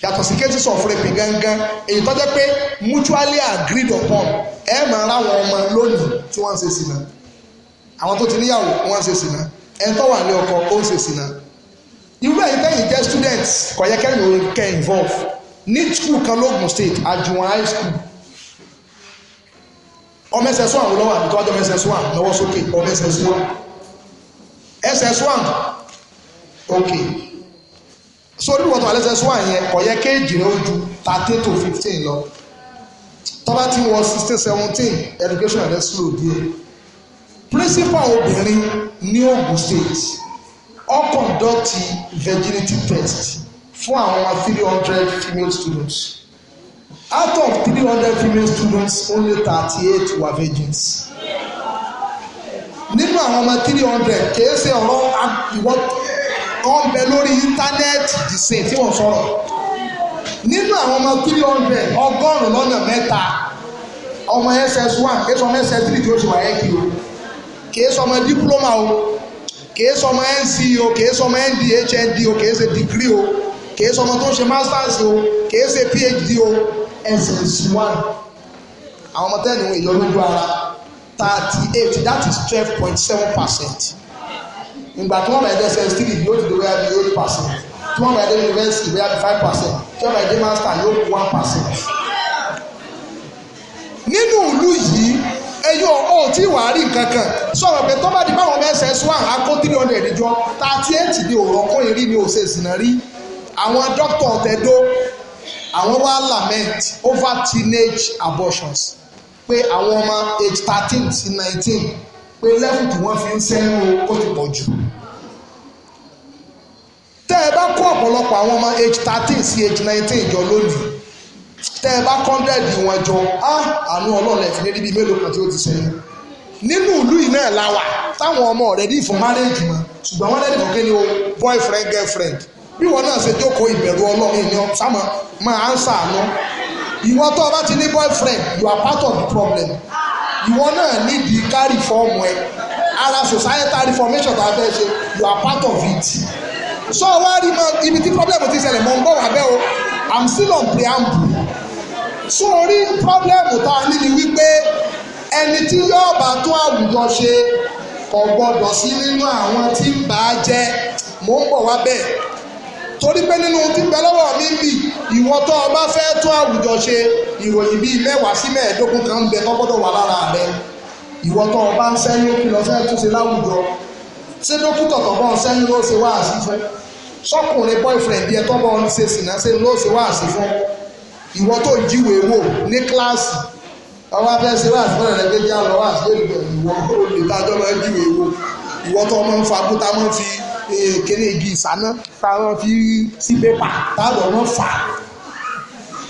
yàtọ̀ sí cases of rape gangan èyí tó jẹ́ pé mutually agreed upon ẹ máa ráwọn ọmọ lónìí tí wọ́n ń ṣe ṣìnà àwọn tó ti níyàwó wọ́n ń ṣe ṣìnà ẹ tó wà ní ọkọ ó ń ṣe ṣìnà irú ẹ̀yin tẹ́yìn jẹ́ students kọ̀yẹ́kẹ́yìn òun kẹ́ involve ní school kan lóògùn state àjùwọ̀n high school ọmọ ss1 wò lọ́wọ́ àbí tó wájú ọmọ ss1 lọ́wọ́ sókè ọmọ ss1 ss ok sórí wọ́n tó wà lẹ́ss1 yẹn kéèjì rẹ̀ ó ju to fifteen lọ tó ti wọ sixteen seventeen education rẹ̀ slow díẹ̀ principal obìnrin ní Ogun State ó conduct virginity test fún àwọn three hundred female students out of three hundred female students only thirty-eight were virgins nínú àwọn ọmọ three hundred kìí ṣe ọ̀rọ̀ ìwọ ọ̀n bẹ lórí íńtánẹ́ẹ̀tì dìsìn tí wọ́n sọ̀rọ̀ nínú àwọn ọmọ three hundred ọgọ́rùn-ún lọ́nà mẹ́ta ọmọ ss one kìí sọ ọmọ ss three tí ó ti wà yẹ kí o kìí sọ ọmọ diploma o kìí sọ ọmọ nc o kìí sọ ọmọ ndhnd o kìí ṣe degree o kìí sọ ọmọ tó ṣe masters o kìí ṣe phd o essence one àwọn ọmọ tẹ́lẹ̀ ìwọ̀n ìyọlójú ara thirty eight that is twelve point seven percent ìgbà tí wọ́n bá ẹ̀dẹ́ essence three yóò ti dòwe àbí eight percent tí wọ́n bá ẹ̀dẹ́ university yóò àbí five percent tí wọ́n bá ẹ̀dẹ́ master yóò kú one percent. nínú ìlú yìí ẹyọ ò tí wàá rí nǹkan kan sọ̀rọ̀ pé tó bá di báwọn ss one akó three hundred jọ thirty eight ni òrọ̀kọ́ ìrí ni òṣèṣìn náà rí àwọn dókítà ọ̀tẹ̀dó àwọn wá lament over teenage abortions pé àwọn ọmọ age thirteen sí nineteen pé level tí wọ́n fi ń sẹ́yìn ó ti pọ̀ jù tẹ́ ẹ bá kó ọ̀pọ̀lọpọ̀ àwọn ọmọ age thirteen sí age nineteen jọ lónìí tẹ́ ẹ bá kọ́ndẹ̀dì wọn jọ á àánú ọlọ́ọ̀lẹ̀ fi lérí bíi mélòó kan tí ó ti sẹ́yìn nínú ìlú yìí náà la wà táwọn ọmọ rẹ̀ dì fún marriage wọn ṣùgbọ́n wọ́n rẹ̀ dì fún kí ni o boyfriend girlfriend bí wọn náà ṣe jókòó ìbẹ̀rù ọlọ́run ènìyàn sámọ máa ánsà àná ìwọ tó o bá ti ní boyfriend you are part of the problem ìwọ náà nídìí kárì fọ́ọ̀mù ẹ ara societal reformation tá a fẹ́ ṣe you are part of it so wá rí mọ ibi tí problem ti ṣẹlẹ̀ mọ̀ ń bọ̀ wá bẹ́ẹ̀ o i'm still on preamble so orí problem tá a ní ni wípé ẹni tí yóò bá tún àwùjọ ṣe kò gbọdọ̀ sí nínú àwọn tí ń bá jẹ́ mò ń bọ̀ wá bẹ́ẹ̀ torí pé nínú tí ń bẹ lọ́wọ́ mi bì ìwọ tó o bá fẹ́ tó àwùjọ ṣe ìròyìn bíi mẹ́wàá sí mẹ́ẹ̀ẹ́dógún kan ń bẹ tó gbọ́dọ̀ wà lára rẹ ìwọ tó o bá ń sẹ́yìn kí lọ fẹ́ tún ṣe láwùjọ ṣé dókítà tó bọ́ ń sẹ́yìn ló ṣe wáàsí fún sọkùnrin boyfriend yẹ tó bọ́ ń ṣe sìnà ṣe ló ṣe wáàsí fún ìwọ tó jíwèé wò ní kíláàsì àwọn afẹ́sẹ̀ wáàsí fún ẹ̀rẹ́ gbẹ́jà lọ wáàsí lónìí ìwọ olùdájọ́ máa ń jíwèé wò ìwọ tó máa ń fa kúta máa ń fi Eh, kéré igi ìsáná táwọn fi sí pépà táwọn wọn fà á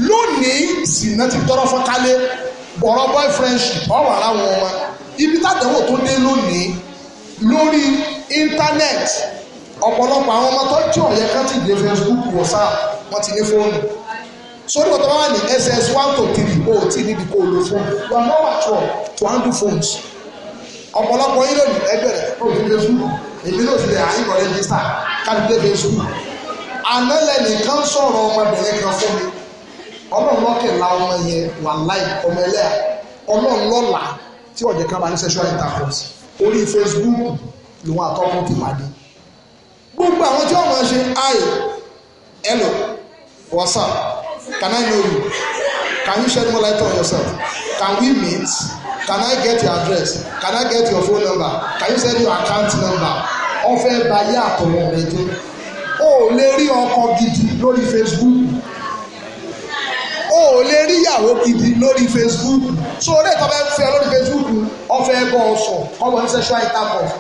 lónìí ìsìnà ti tọrọ fọkálé ọ̀rọ̀ boyfriendship ọ̀rọ̀ aláwọ̀ wọn ibi tàdánwò tó dé lónìí lórí íńtánẹ́ẹ̀tì ọ̀pọ̀lọpọ̀ àwọn ọmọ tó tí ọ̀yẹ́ kan ti dé Facebook WhatsApp wọ́n ti ní fóònù sórí ọ̀tọ̀ wà ní ss one to three o ti níbi kó o lo fóònù you are more mature to handle phones ọ̀pọ̀lọpọ̀ yín lónìí ẹgbẹ̀rẹ̀ ó ti dé Facebook èmi náà ti rẹ̀ àyíkọ̀ rẹ̀ nísà kábíyé fi sùn. àná lẹ́nìkan sọ̀rọ̀ ọmọbìnrin kan fún mi ọlọ́run lọ́kẹ̀lá ọmọ yẹn wà láì ọmọ ẹlẹ́à ọlọ́run lọ́la tí ọ̀jẹ̀ kan bá ní sexual intercourse orí Facebook lòun àtọ́kùn ti pàdé gbogbo àwọn tí wọ́n máa ṣe hi hello WhatsApp. can I know you can you shed more light on yourself can we meet can I get your address can I get your phone number can you send your account number wọ́n fẹ́ ba ayé àtọ̀wọ̀ rẹ jẹ́ o lè rí ọkọ gidi lórí Facebook o ò lè rí ìyàwó gidi lórí Facebook so orí ẹ̀ka bá fẹ́ lórí Facebook ọ̀fẹ́ ẹ̀bọ̀ ọ̀sọ̀ ọmọ ní sexual intercourse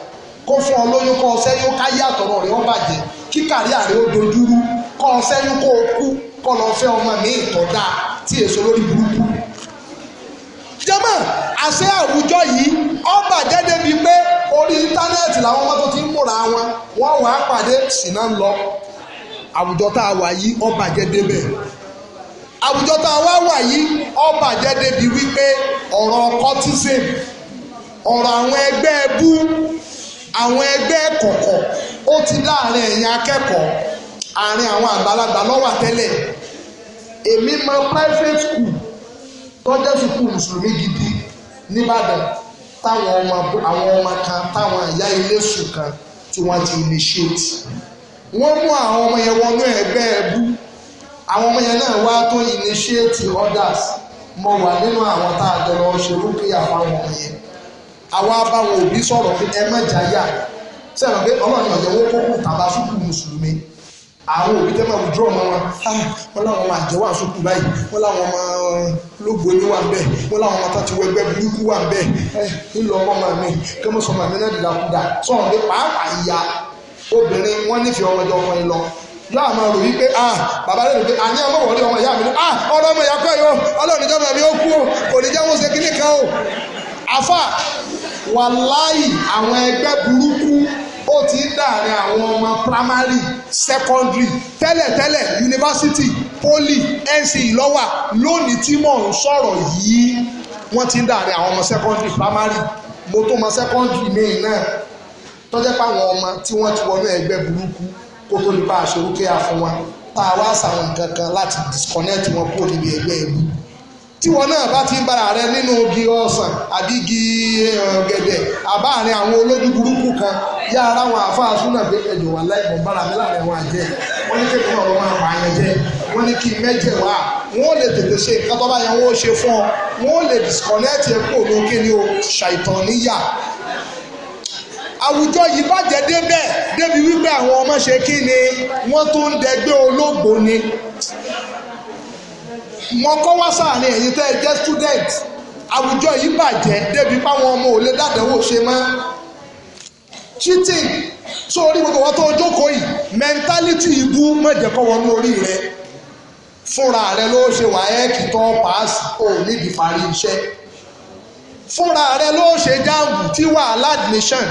kó fún ọ lóyún kọ́ ọsẹ́ yóò káyé àtọ̀rọ̀ rẹ̀ wọ́n bàjẹ́ kí kárí àrẹ ó dojúrú kọ́ ọsẹ́ yóò kó o kú kọ́ lọ fẹ́ ọmọ mi ìtọ́jà tí èso lórí burúkú mọ̀ àṣẹ àwùjọ yìí ó bàjẹ́ débi pé orí íńtánẹ́ẹ̀tì làwọn ọmọ tó ti ń múra wọn wọ́n wàá pàdé ṣìnà ń lọ àwùjọ tá a wà yìí ó bàjẹ́ débẹ̀ àwùjọ tá a wá wà yìí ó bàjẹ́ débi wípé ọ̀rọ̀ cortisone ọ̀rọ̀ àwọn ẹgbẹ́ ẹbú àwọn ẹgbẹ́ kọ̀kọ̀ ó ti láàrin ẹ̀yìn akẹ́kọ̀ọ́ àárín àwọn àgbàlagbà ló wà èmi mọ private school tọ́jà sùkú mùsùlùmí gidi nìbàdàn táwọn ọmọ àwọn ọmọ kan táwọn ìyá ilé sùn kan tí wọ́n ti initiate wọ́n mú àwọn ọmọ yẹn wọnú ẹgbẹ́ ẹbú àwọn ọmọ yẹn náà wá tó initiate others mo wà nínú àwọn tá a jọ lọ ṣe rúkìá fáwọn ọmọ yẹn àwa báwọn òbí sọ̀rọ̀ pé ẹ má jáyà sẹ́wọ̀n pé ọlọ́run ọ̀jọ̀ wọ́n kókó tàbá sùkú mùsùlùmí àwọn òbí tẹ́ máa wùdúrọ̀ ọmọ wọn ah, wọn láwọn ọmọ àjẹwà sókù báyìí wọn láwọn ọmọ eh, lógo ẹni wà nbẹ wọn láwọn ọmọ táti wọ ẹgbẹ́ burúkú wà nbẹ ẹ eh, ńlọ ọmọ màá mi kẹmọ sọ màá mi náà dìdàkudà sọ̀rọ̀ ní pàápàá ìyá obìnrin wọn nífẹ̀ẹ́ ọmọdé ọmọ yìí lọ yóò àmọ́ rò wípé ah bàbá lè rò pé àní ọmọ wọlé ọmọ ìyá mi ah ọ̀rọ̀ ọmọ ìyá pẹ́ yó ọlọ́run ìjọba mi ó kú o kò ní jẹ́ wọ́n ó ti ń dàrin àwọn ọmọ primary secondary tẹ́lẹ̀tẹ́lẹ̀ university poli nc lọ́wà lónìí tí mò ń sọ̀rọ̀ yìí wọ́n ti ń dàrin àwọn ọmọ secondary primary mo tó mọ secondary main náà tọ́jẹ́ páwọn ọmọ tí wọ́n ti wọnú ẹgbẹ́ burúkú kó tó lè bá aṣọ orúkẹ́ àfọwọ́n tá a wá sàwọn nǹkan láti disconnect wọn kúrò níbi ẹgbẹ́ ẹgbẹ́ tíwọ náà bá ti ń bára rẹ nínú igi ọsàn àbí igi eh, ọ̀gẹ̀dẹ̀ àbáàrin àwọn olójú burúkú kan yá ara wọn àáfàá súnà pé ẹjọ wà láìpọ̀ bára mi láàrin wọn àjẹ wọn ní kékeré ọ̀rọ̀ wọn àpá àyàn jẹ wọn ní kí n mẹjẹ wá wọn ò lè tètè ṣe nǹkan tó bá yẹn wọn ò ṣe fún ọ wọn ò lè disconnect ẹ kúrò ní o ṣàìtàn níyà àwùjọ yìí bàjẹ́ débẹ̀ débi wípé àwọn ọmọ ṣe kí ni wọ́n tún dẹgbẹ́ olóògbò ni wọn kọ́ wá sáàrin ẹ̀yin tẹ́ ẹ jẹ́ student àwùjọ yìí bàjẹ́ débi páwọn ọmọ ò lè dàdánwò ṣe mọ́ cheating sórí gbogbo wọn tó jókòó yìí mentality ibú mọ̀jẹ̀kọ́ wọnú orí rẹ fúnra rẹ ló ṣe wáyẹ́ẹ̀kì tó pàásì ò nídìí parí iṣẹ́ fúnra rẹ ló ṣe jáàmù tí wàhálà admission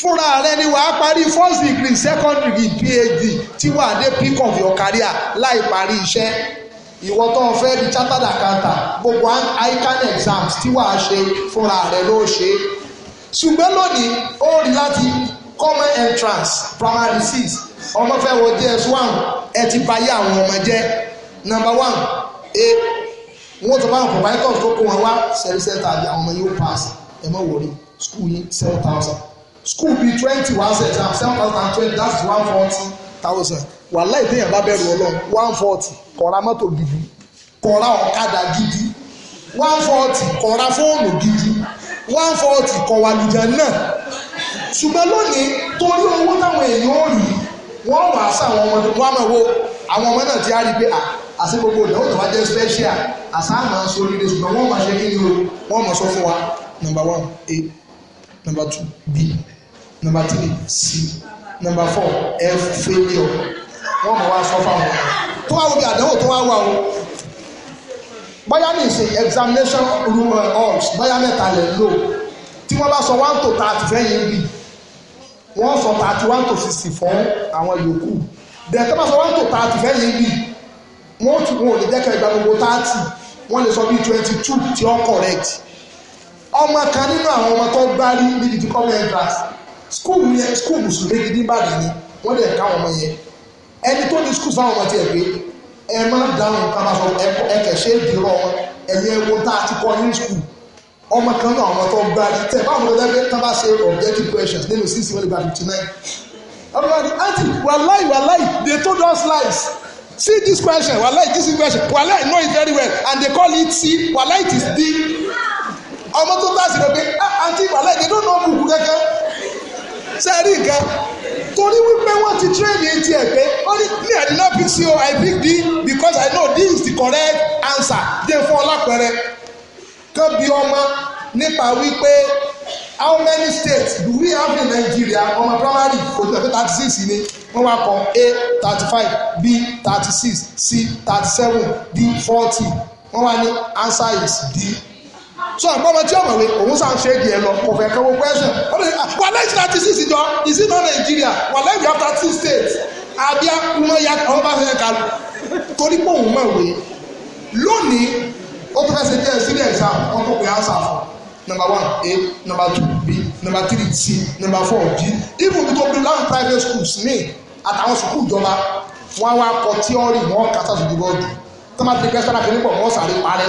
fúnra rẹ ni wàá parí first degree second degree phd tí wàá dé peak of your career láì parí iṣẹ́ ìwọ tó ń fẹ́ di chartered accountant gbogbo ICAN exams tí wàá ṣe fúnra rẹ ló ṣe ṣùgbọ́n lónìí ó rí láti common entrance primary six ọmọ fẹ́ wọ js one ẹ ti bayé àwọn ọmọ jẹ́ number one a wọ́n tó bá àwọn providers tó kó wọn wá service center àbí àwọn ọmọ yóò pass ẹ má wọlé school yìí seven thousand school bíi twenty one exam seven thousand and twenty that's one forty thousand wàláì téèyàn bá bẹ̀rù ọlọ́run one forty kọ̀ọ̀ra mọ́tò gidi kọ̀ọ̀ra ọ̀kadà gidi one forty kọ̀ọ̀ra fóònù gidi one forty kọ̀wà lùjẹ̀ náà ṣùgbọ́n lónìí torí owó táwọn èèyàn ò rí wọ́n wà á sáwọn ọmọdé wọ́n á máa wo àwọn ọmọ náà ti á rí i pé à àti gbogbo ìdáwó tó bá jẹ́ special àṣà máa ń sórí rẹ̀ ṣùgbọ́n wọ́n máa ṣe kí ni o wọ́n máa sọ fún wa number one a number two b number three c number four f failure wọ́n mọ̀ wá sọ fáwọn tó wá wo bí àdánwò tó wá wà o bóyá ní ìṣe examination room uh, halls bóyá mẹ́ta lè lò tí wọ́n bá sọ one to thirty fẹ́yìn bì wọ́n sọ thirty one to sixty fún àwọn yòókù dẹ̀ tó bá sọ one to thirty fẹ́yìn bì wọ́n tún wọn ò lè jẹ́kẹ̀ẹ́ ìgbà gbogbo thirty wọ́n lè sọ bíi twenty two tí ó correct ọmọ kan nínú àwọn ọmọ tó gbárí níbi tí kọ́mẹ́ntà school yẹn school mùsùlùmí gidi nìbàdàn ni wọ́n lè ká ọmọ yẹn ẹni tó ní skul fáwọn ọmọ tiẹ̀ pé ẹ má dáhùn kábà sọ ẹ kẹ̀ṣẹ́ ìdírọ̀ ẹ̀yẹ ewo tá a ti kọ́ ní skul ọmọ kan náà ọmọ tó gbá ní báwo ló lẹ́gbẹ́ tán ṣe objective questions nínú six seven gba fifty nine ọmọ ní aunty wàláì wàláì they told us lies see this question wàláì this question wàláì know it very well and they call it see wàláì it is the ọmọ tó bá ṣe lọ pé ah, aunty wàláì they don't know book kẹ́kẹ́ sẹ́ẹ̀rì nǹkan torí wípé wọ́n ti tírèlì etí ẹ̀ pé only me I did not pick CO I pick D because I know this is the correct answer jẹ́ fún ọlápẹ̀rẹ̀ kan bí ọmọ nípa wípé how many states do we have in Nigeria ọmọ primary kò tó ẹ̀fẹ́ thirty six ni wọ́n wá kọ A thirty five B thirty six C thirty seven D forty wọ́n wá ní answer is D so àgbọ̀dọ̀ tí ọ̀mọ̀wé òun sàn ṣe é di ẹ lọ kò fẹ́ kẹ́wọ́ question ah, wà lẹ́yìn thirty six jọ is it not Nigeria wà lẹ́yìn after two states abia kuma ya àwọn bá fẹ́ ká torí pé òun mọ̀wé lónìí ó tó fẹ́ ṣe jẹ́ sílẹ̀ exam wọ́n tó pè é answer fún number one a number two b number three c number four d even bí tó bí láwọn private schools ní àtàwọn sùkúù ìjọba wọn wá kọ tíọ́rì wọn kà sásùdúgbọ́ọ̀dù tó má ti gẹ́sítà náà kí nípò wọn sàré parẹ́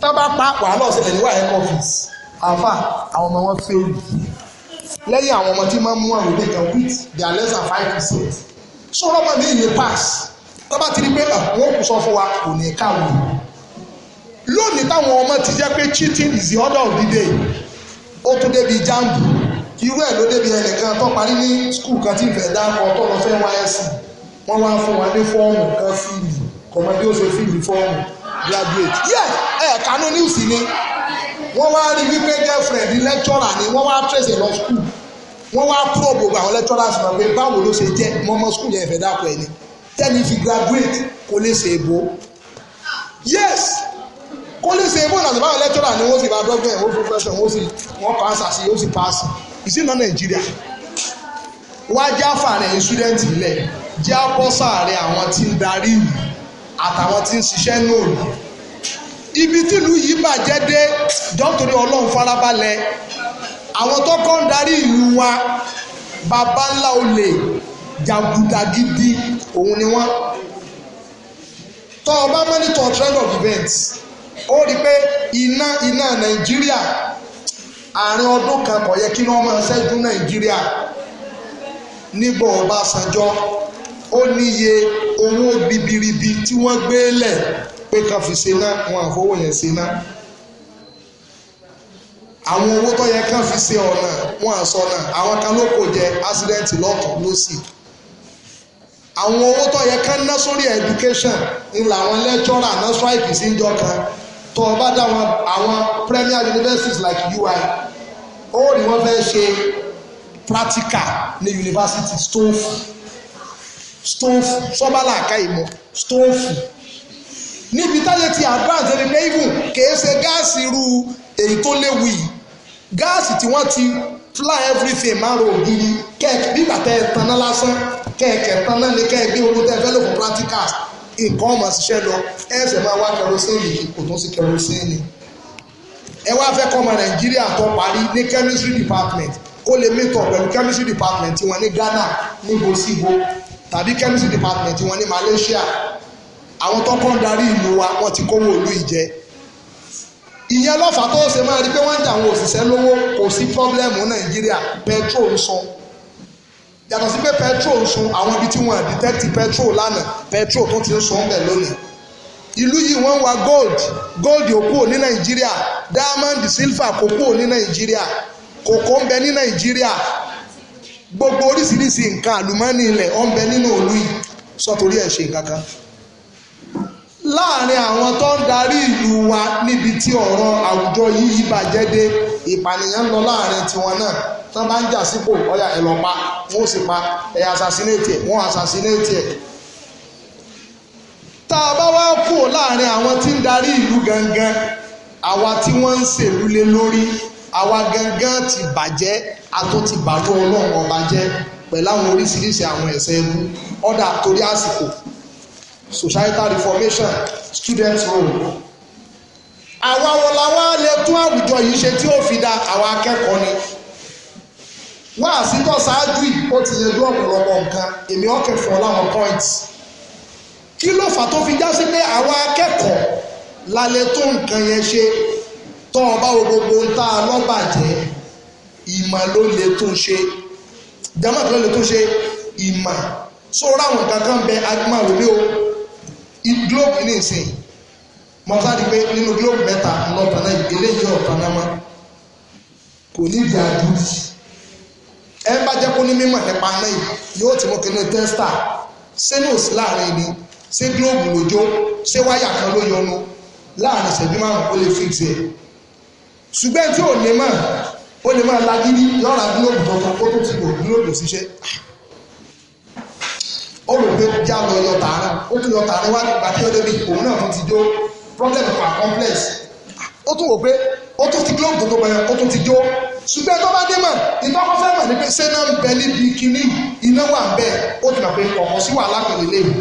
tó bá pa wàhálà ọ̀sẹ̀lẹ̀ ní wàhálà ọ́fíìsì àfà àwọn ọmọ wọn fẹ́ẹ̀lì lẹ́yìn àwọn ọmọ tí máa ń mú àwọn òde kan with their less than five percent so rọ́mọ mi ìyẹn pass tó bá ti rí pé àwọn ah, òkú sọ fún wa kò ní káwé lónìí táwọn ọmọ ti jẹ́ pé cheating is the order of the day ó tún débi jambu irú ẹ̀ ló débi ẹnìkan tó parí ní skul kan tí ń fẹ́ dáko tó lọ fẹ́ wáyé sí wọ́n wá fún wa ní fọ́ọ̀mù kan fíìmù kọ̀mọ́dé ó ṣe fíìmù fọ́ọ̀mù graduate yes ẹ̀ẹ̀ka ní news ni wọ́n wá rí wípé girlfriend lecturer ni wọ́n wá trace lọ school wọ́n wá probe gbogbo àwọn lecturers náà pé báwo ló ṣe jẹ́ mọ́mọ́ school yẹn fẹ́ dákọ̀ ẹ̀ ni tẹ́ni fi graduate kò lè ṣe èbó yes kò lè ṣe èbó nàìjíríà báwọn lecturer ni wọ́n sì bá dọ́gbẹ́ wọ́n fún fẹ́sọ̀ wọ́n sì wọ́n kọ́ àṣà sí yóò sì pass ìsìnà nàìjíríà wá jáfà rẹ̀ student ilẹ̀ jábọ́ sàárẹ̀ àwọn tí ń darí ìlú àtàwọn tí ń ṣiṣẹ́ náà lù ibi tìlú yìí bàjẹ́ dé dọ́tòrí ọlọ́run farabalẹ̀ àwọn tó kọ́ ń darí ìlú wa baba ńlá olè jàgùdà gidi òun ni wọ́n tọ́ ọ bá mọ́nítọ̀ trend of events ó rí i pé iná iná nàìjíríà àárín ọdún kan kò yẹ kí wọ́n máa ṣẹ́jú nàìjíríà nígbà Ọbásanjọ́ ó níye owó ribiribi tí wọ́n gbé lẹ̀ pé ká fi ṣe ná wọn àfọwọ́ yẹn ṣe ná àwọn owó tó yẹ ká fi ṣe ọ̀nà wọn àsọnà àwọn kan ló kò jẹ accident lọ́tọ̀ ló sì àwọn owó tó yẹ ká ná sórí education ń làwọn lecturer ná strike sí ìjọ kan tó o bá dá àwọn premier universities like UI ó ní wọ́n fẹ́ ṣe practical ní university stove stóòfù sọ́bálà àká ìmọ̀ stóòfù níbi táyé ti advance ẹni pé even kìí ṣe gáàsì irú èyí tó léwu yìí gáàsì tí wọ́n ti fly everything márùn ògiri kẹ́ẹ̀kì bí bàtẹ́ tanná lásán kẹ́ẹ̀kẹ́ tanná ni kẹ́ẹ̀gbé orun tẹ́ fẹ́ lò fún practicals nǹkan ọmọ ṣiṣẹ́ lọ ẹ̀sẹ̀ máa wá kẹrosíìnì kò tún sí kẹrosíìnì ẹ wá fẹ́ kọ́ ọmọ nàìjíríà tó parí ní chemistry department kó lè meet up pẹ̀lú chemistry department tiwọn ní ghana níbo síbo tàbí chemistry department wọn ní Malaysia àwọn tó kọ́ ń darí ìlú wa wọ́n ti kówó ìlú ìjẹ ìyẹn lọ́fà tó ṣe máa rí pé wọ́n ń jà àwọn òṣìṣẹ́ lówó kò sí pọ́blẹ́mù Nàìjíríà petrol sun yàtọ̀ sí pé petrol sun àwọn ibi tí wọ́n detect petrol lánàá petrol tó ti ń sun bẹ̀ lónìí ìlú yìí wọ́n ń wa gold gold ò kúrò ní Nàìjíríà diamond silver kò kúrò ní Nàìjíríà kòkó ń bẹ ní Nàìjíríà gbogbo oríṣiríṣi nǹkan àlùmọ́ọ́nì ilẹ̀ ó ń bẹ nínú òlu yìí sọ́tòrí ẹ̀ ṣe nǹkan kan láàrin àwọn tó ń darí ìlú wa níbi tí ọ̀rọ̀ àwùjọ yìí yí bàjẹ́ dé ìpànìyàn lọ láàrin tiwọn náà tán bá ń jà sípò ọyà ẹ̀ wọn ò sì pa ẹ̀ assassinate ẹ̀ wọn assassinate ẹ̀ tá a bá wá kú láàrin àwọn tí ń darí ìlú gangan àwa tí wọ́n ń ṣèlú lé lórí àwa gangan ti bàjẹ́ ató ti bàjẹ́ ọlọ́run ọba jẹ́ pẹ̀lú àwọn oríṣiríṣi àwọn ẹ̀ṣẹ̀ ẹ̀mú ọ̀dà torí àsìkò societal reformation student role àwa wọn làwa lè tún àwùjọ yìí ṣe tí ó fi da àwa akẹ́kọ̀ọ́ ni wá àsìtọ́ ṣáájú yìí ó ti yanjú ọ̀pọ̀lọpọ̀ nǹkan èmi ọ̀kẹ́ fún ọ láwọn point kí ló fà tó fi já sí pé àwa akẹ́kọ̀ọ́ la lè tún nǹkan yẹn ṣe tọ́ ọ bá wo gbogbo ń tá a lọ́bàjẹ́ ìmọ̀ ló lè tún ṣe jama tó lè tún ṣe ìmọ̀ sóra àwọn kankan bẹ agbọ́n òní o globe ní ìsìn mọ̀sáàdì pé nínú globe mẹ́ta ńlọ́tàn náà eléyìí ọ̀tàn náà mọ́ kò ní ìdí àdúrà ẹ bá jẹ́ kó ní mímọ̀ nípa náà yóò ti mú kíní tẹ́sítà senos láàrin ni ṣé globe lójó ṣé wáyà kan ló yọnu láàrin ìṣẹ́jú márùn-ún ó lè fix ẹ̀ ṣùgbọ́n tí ò ní mọ̀ ó lè máa lagiri lọ́ra gílóòbù tuntun ó tún ti wò gílóòbù ṣiṣẹ́ ó rò pé já lọ yọ tààrà ó tún yọ tààrà wá nípa tí ó débi òun náà tún ti jó problem pa complex ó tún wò pé ó tún ti gílóòbù tuntun bẹ̀rẹ̀ ó tún ti jó ṣùgbọ́n tó bá dé mọ̀ ìtọ́kọ́ fẹ́ mọ̀ ní pé ṣé náà ń bẹ níbi kinní iná wà ń bẹ ó ti mọ̀ pé kọ̀ọ̀kan sí wàhálà kò lè léwu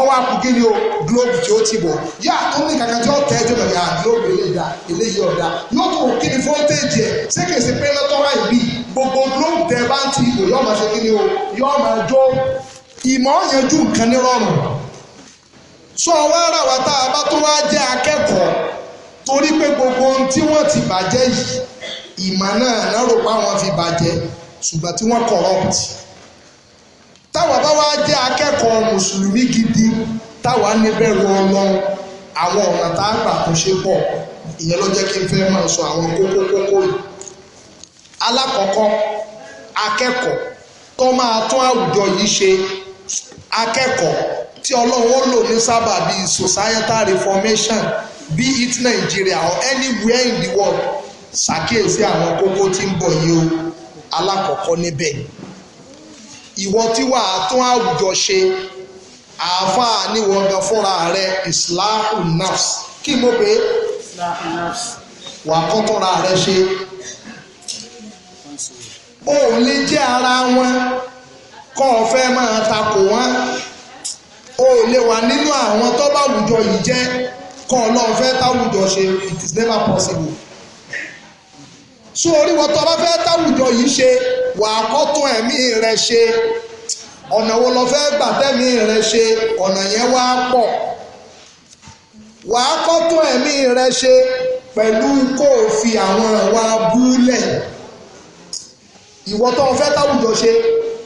ọwọ́ akùnkí ni o globe tí ó ti bọ̀ yá tó ní kankan tí ó tẹ́ ẹjọ́ bẹ̀rẹ̀ yá globe eléyìí dá eléyìí ọ̀dá yóò tó kí ni voltage ẹ̀ ṣé kìí ṣe pé lọ́tọ́rà ìbí gbogbo globe tẹ bá ń ti ibò yóò máa ṣe kí ni o yóò máa jó ìmọ̀ ọ̀yànjú nǹkan ní rọrùn sọ wá rà wá tá a bá tó wá jẹ́ akẹ́kọ̀ọ́ torí pé gbogbo ohun tí wọ́n ti bàjẹ́ yìí ìmọ̀ náà náà rò pé àwọn fi bàjẹ́ ṣùgbọ́n tí wọ́n corrupt táwa bá wá jẹ́ akẹ́kọ̀ọ́ mùsùlùmí gidi táwa níbẹ̀rù ọlọ́run àwọn ọ̀nà tá a gbà kó ṣe pọ̀ ìyẹn ló jẹ́ kí n fẹ́ máa sọ àwọn kókó kókó yìí alákọ̀ọ́kọ́ akẹ́kọ̀ọ́ tó máa tún àwùjọ yìí ṣe akẹ́kọ̀ọ́ tí ọlọ́run ó lò ní sábà bíi societal reformation be it Nigeria or anywhere in the world ṣàkíyèsí àwọn kókó tí ń bọ̀ yìí o alákọ̀ọ́kọ́ níbẹ̀ ìwọ tí wàá tún àwùjọ ṣe àáfàá níwọ gan fúnra rẹ islahu nafs kí mo pé wà á kọ́tọ́ra rẹ ṣe o ò lè jẹ́ ara wọn kọ́ ọ fẹ́ máa takò wọn o lè wà nínú àwọn tó bá àwùjọ yìí jẹ́ kọ́ ọ lọ́ọ́ fẹ́ táwùjọ ṣe it is never possible so orí wọn tó o bá fẹ́ táwùjọ yìí ṣe wàá kọ́ tún ẹ̀mí rẹ ṣe ọ̀nà wo lo fẹ́ gbà tẹ́mi rẹ ṣe ọ̀nà yẹn wá pọ̀ wàá kọ́ tún ẹ̀mí rẹ ṣe pẹ̀lú kó o fi àwọn ìwà búlẹ̀ ìwọ tó o fẹ́ táwùjọ ṣe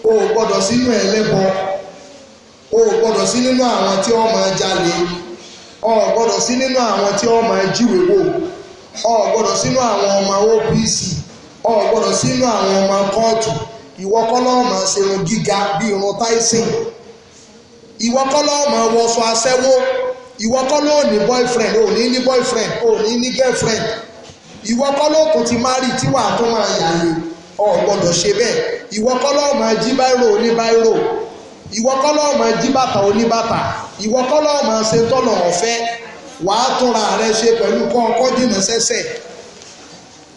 o ò gbọ́dọ̀ sínú ẹlẹ́bọ o ò gbọ́dọ̀ sí nínú àwọn tí wọ́n máa jalè o ò gbọ́dọ̀ sí nínú àwọn tí wọ́n máa jíwèé wò ọ gbọ́dọ̀ sínú àwọn ọmọ OPC ọ gbọ́dọ̀ sínú àwọn ọmọ kóòtù ìwọ kọ́ ló máa ṣerun gíga bíi irun Tyson ìwọ kọ́ ló máa wọṣọ aṣẹ́wó ìwọ kọ́ boyfriend ò ní boyfriend ò ní girlfriend ìwọ kọ́ ló tún ti marry tí wàá tún máa yàyè ọ gbọ́dọ̀ ṣe bẹ́ẹ̀ ìwọ kọ́ ló máa jí báírò ní báírò ìwọ kọ́ bàtà oníbàtà ìwọ ṣe tọ́nà ọ̀fẹ́ wàá túnra rẹ ṣe pẹ̀lú kọ́ńkọ́ dìnnà sẹ́sẹ̀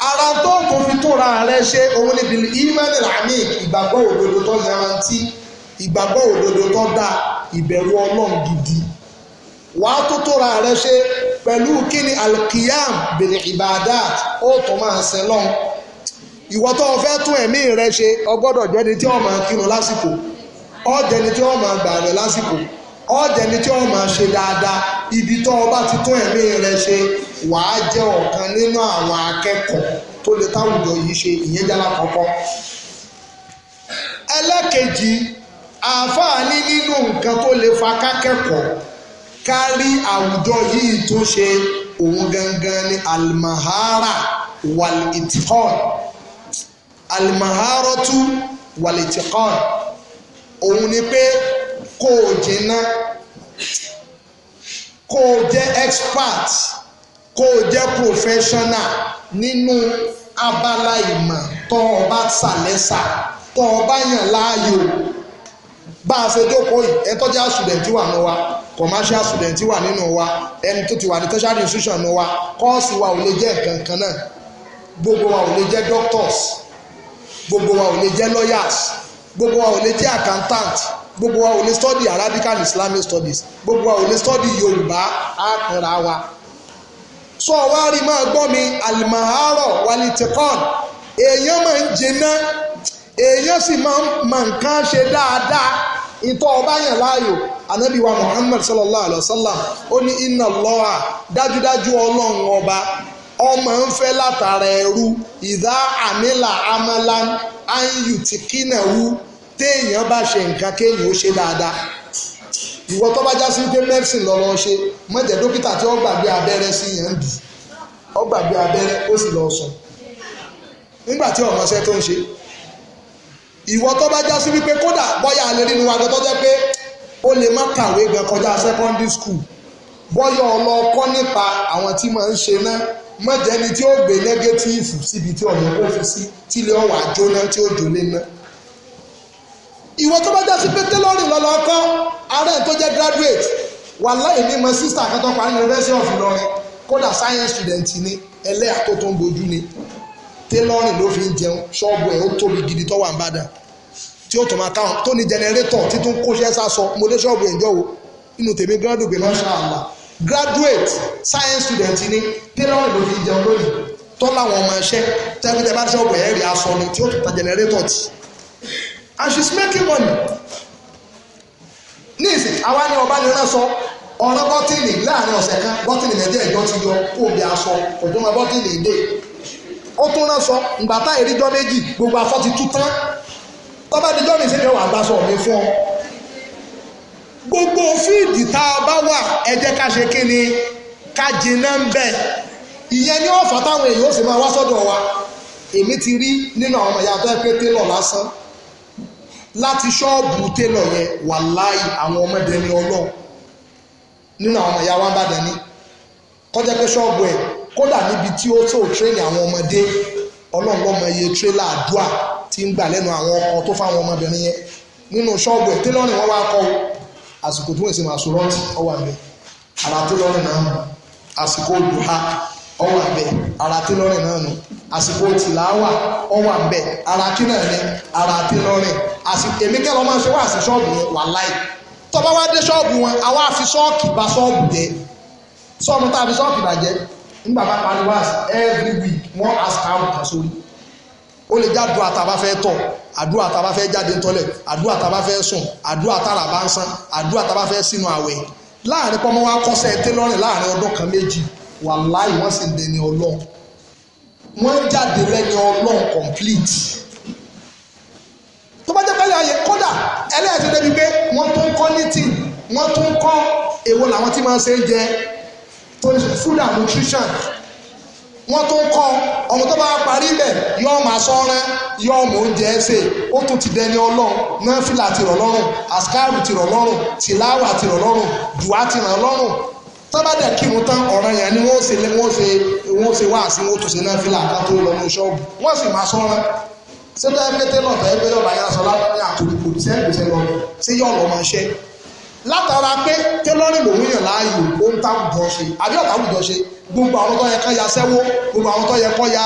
ara tó tó fi túnra rẹ ṣe òun ni bìlì ìmọ̀lì rami ìgbàgbọ́ òdodo tó yanrantí ìgbàgbọ́ òdodo tó dáa ìbẹ̀rù ọlọ́run gidi wàá tó túnra rẹ ṣe pẹ̀lú kíni alkiyam bìlì ibadat ó tó máa ṣe lọ́n ìwọ tó fẹ́ tún ẹ̀mí rẹ ṣe o gbọ́dọ̀ jẹ́ni tí ó máa kírun lásìkò ó jẹ́ni tí ó máa gbà rẹ lásìkò ọ̀dẹ̀ni tí wọ́n máa ṣe dáadáa ibi tó o bá ti tún ẹ̀mí rẹ ṣe wàá jẹ́ ọ̀kan nínú àwọn akẹ́kọ̀ọ́ tó lè táwùjọ yìí ṣe ìyẹn jẹ́ alákọ̀ọ́kọ́. ẹlẹ́kejì àǹfààní nínú nǹkan tó lè fa kákẹ́kọ̀ọ́ kárí àwùjọ yìí tó ṣe òun gangan ni almahara walitikon almaharatu walitikon òun ni pé kó o jìnnà kó o jẹ́ expert kó o jẹ́ professional nínú abala ìmọ̀ tó o bá sàlẹ́sà tó o bá yàn láàyò bá a ṣe jókòó yìí ẹ tọ́jú àṣùdẹ̀ntì wà nínú wa commercial student wà nínú wa ẹni tó ti wà ní tertiary institution nínú wa kọ́ọ̀sì wa ò lè jẹ́ nǹkan náà gbogbo wa ò lè jẹ́ doctors gbogbo wa ò lè jẹ́ lawyers gbogbo wa ò lè jẹ́ accountant gbogbo wa ò lè study Arabic and Islamic studies gbogbo wa ò lè study Yorùbá àkànra wa sọ wá rí máa gbọ́ mi alimaharo walitikon èèyàn máa ń jiná èèyàn sì máa ń mọ nǹkan ṣe dáadáa ìtọ́ ọba yàn láàyò anabi wa Muhammad sallallahu alayhi wa sallam ó ní inna Allaha dájúdájú ọlọ́run ọba ọmọ ń fẹ́ látara ẹ̀rú ìdá àmìlà amalan ayùtìkínà wú téèyàn bá ṣe nǹkan kéèyàn ó ṣe dáadáa ìwọ tó bá já sí pé medicine lọ lọ ṣe mọ̀jẹ̀ dókítà tí ó gbàgbé abẹ́rẹ́ sí yẹn ń dì ó gbàgbé abẹ́rẹ́ ó sì lọ sùn nígbà tí ọmọ ṣẹ́ tó ń ṣe ìwọ tó bá já sí wípé kódà bọ́yà alẹ́ nínú wa tó jẹ́ pé ó lè má kàwé gan kọjá secondary school bọ́yọ̀ ọlọ́kọ́ nípa àwọn tí máa ń ṣe náà mọ̀jẹ̀ ni tí ó gbé negative síbi tí ọ̀yọ́ kó fi sí tí ilé ọ̀wà jóná tí ó jólé náà ìwọ tó bá jásí pé tailoring lọ́lọ́ kọ́ ara ẹ̀ tó jẹ́ graduate wà láì ní mọ sísà kan tó parí University of Ìlọrin kódà science student ni ẹlẹ́yà tó tó ń bojú ni tailoring ló fi ń jẹun ṣọ́ọ̀bù ẹ̀ ó tóbi gidi tó wà ń bàdàn tí ó tó máa káwọn tó ní generator títún kóṣẹ́ sásọ mo dé ṣọ́ọ̀bù ẹ̀ ń jọ́wọ́ inú tèmi gbọ́dọ̀ gbé lọ́sàn án la graduate science student ni tailoring ló fi ń jẹun lónìí tọ́lá àwọn ọmọ ẹṣẹ́ tẹ́gbẹ́tẹ́ bá ṣọ́ọ̀bù ẹ̀ rí aṣọ ni tí ó tó ta generator tì and she's making money ní ìsìn àwa ni ọba nìran sọ ọ̀rọ̀ bọ́tìnì láàrin ọ̀sẹ̀ kan bọ́tìnì lẹ́jẹ̀ ìjọ ti yọ kóòbí aṣọ òjòmọ bọ́tìnì ìdè ó tún rán sọ ǹgbàtà ìríjọ́ méjì gbogbo afọ́ ti tú tán tọ́ba díjọ́ mi síbi ọ̀wà àgbàsọ mi fún ọ. gbogbo fíìdì tá a bá wà ẹ jẹ́ ká ṣe kí ni ká jiná ń bẹ̀ ìyẹn ní ọ̀fà táwọn èèyàn ó sì máa wá sọ́dọ̀ wa èmi ti rí nínú àwọn ọmọ ìyá tó ẹ pé télọ̀ lásán láti ṣọ́ọ̀bù télọ̀ yẹn wàláì àwọn ọmọdé ní ọlọ́run nínú àwọn ọmọ ìyá wa ń bàdàn ní kọjá pé ṣọ́ọ̀bù ẹ̀ kódà níbi tí ó tó tírẹ́nì àwọn ọmọdé ọlọ́run lọ́mọ iye tírélà àdúà tí ń gbà lẹ́nu àwọn ọkọ̀ tó fáwọn ọmọbìnrin yẹn nínú ṣọ́ọ̀bù ẹ̀ télọ́rìn wọn wá kọ́ àsìkò tí wọ́n sì máa sọ ọwọ́ àgbẹ̀ àrà náà àsìkò olùhà ọwọ́ àbẹ̀ ara tẹ́lọ́rìn náà nù àsìkò tìlà wà ọwọ́ àbẹ̀ ara kí náà ní ara tẹ́lọ́rìn àsìkò èmi kẹ́lọ́ máa ń ṣe wá sí ṣọ́ọ̀bù wọn wà láì tọ́ba wá dé ṣọ́ọ̀bù wọn àwa fi ṣọ́ọ̀kì bá ṣọ́ọ̀bù jẹ́ sọ́ọ̀mù tá a fi ṣọ́ọ̀kì bàjẹ́ nígbà bá parí wá every week wọ́n ask am kan sórí ó lè já àdúrà tá a bá fẹ́ tọ̀ àdúrà tá a bá fẹ́ jáde tọ́lẹ̀ àdúrà tá a bá fẹ́ sùn àdúrà tára bá wàláì wọ́n sì dẹni ọlọ́run wọ́n jáde lẹ́ni ọlọ́run complete tó bá jẹ́ pẹ́lú ayé kódà ẹlẹ́yàtọ̀ débi pé wọ́n tún ń kọ́ knitting wọ́n tún ń kọ́ èwo làwọn tí máa ń ṣe ń jẹ food and nutrition wọ́n tún ń kọ́ ọmọ tó bá parí ilẹ̀ yọ ọmọ asọ́ran yọ ọmọ oúnjẹ ẹsẹ̀ ó tún ti dẹni ọlọ́run náfìlà ti rọ̀ lọ́rùn àsìkáàrù ti rọ̀ lọ́rùn tìláwà ti rọ̀ lọ́rùn dùwà ti ràn lọ́rùn sábàdà kírun tán ọ̀ràn yẹn ni wọ́n ṣe lé wọ́n ṣe wọ́n ṣe wá sí wọ́n tó ṣe náà fìlà kan tó lọ ní ṣọ́ọ̀bù wọ́n sì máa sọ́ran sẹ́tọ́ ẹgbẹ́tẹ́ lọ́tọ̀ ẹgbẹ́ lọ́ba yẹn aṣọ láti àtòrí kò sí ẹgbẹ́sẹ̀ lọ sí yọ̀ lọ́mọ iṣẹ́ látara pé tẹ́lọ́rìn lòun yàn láàyò ó ń táwùjọ ṣe àbí ọ̀táwùjọ ṣe gbogbo àwọn tó yẹ kán ya sẹ́wó gbogbo àwọn tó yẹ kán ya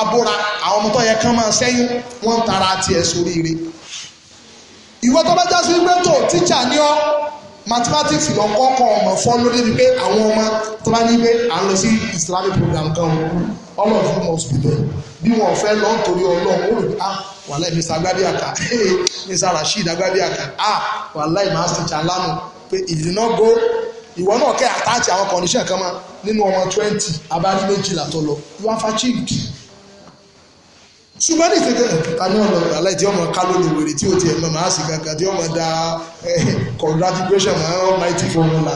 abúra àwọn ọmọ tó yẹ kán máa sẹ́yìn wọ́n ń tara tiẹ̀ sóríire ìwọ tó bá já sí pé tó tíjà ní ọ mathematics lọ kọ́kọ́ ọmọ fọ́ lórí ni pé àwọn ọmọ tó bá ní pé à ń lọ sí islamic program kan all of you must be there bí wọn fẹ́ lọ nítorí ọlọ́run ó rò ah wàláì mr agbábíàkà hey mr rasheed agbábíàkà ah wàláì master chalanu pé ìdìnnà go ìwọ náà kẹ́ àtàtì àwọn condition kan mọ́ nínú ọmọ twenty abájú méjìlá tó lọ you are fatigued ṣùgbọ́n ní ìsìnkú ta ní ọ̀nà aláì tí ọmọ kálọ̀ ló wèrè tí ó ti ẹ̀mọ́ máa sì kankan tí ọmọ da congratulation máa ń formula.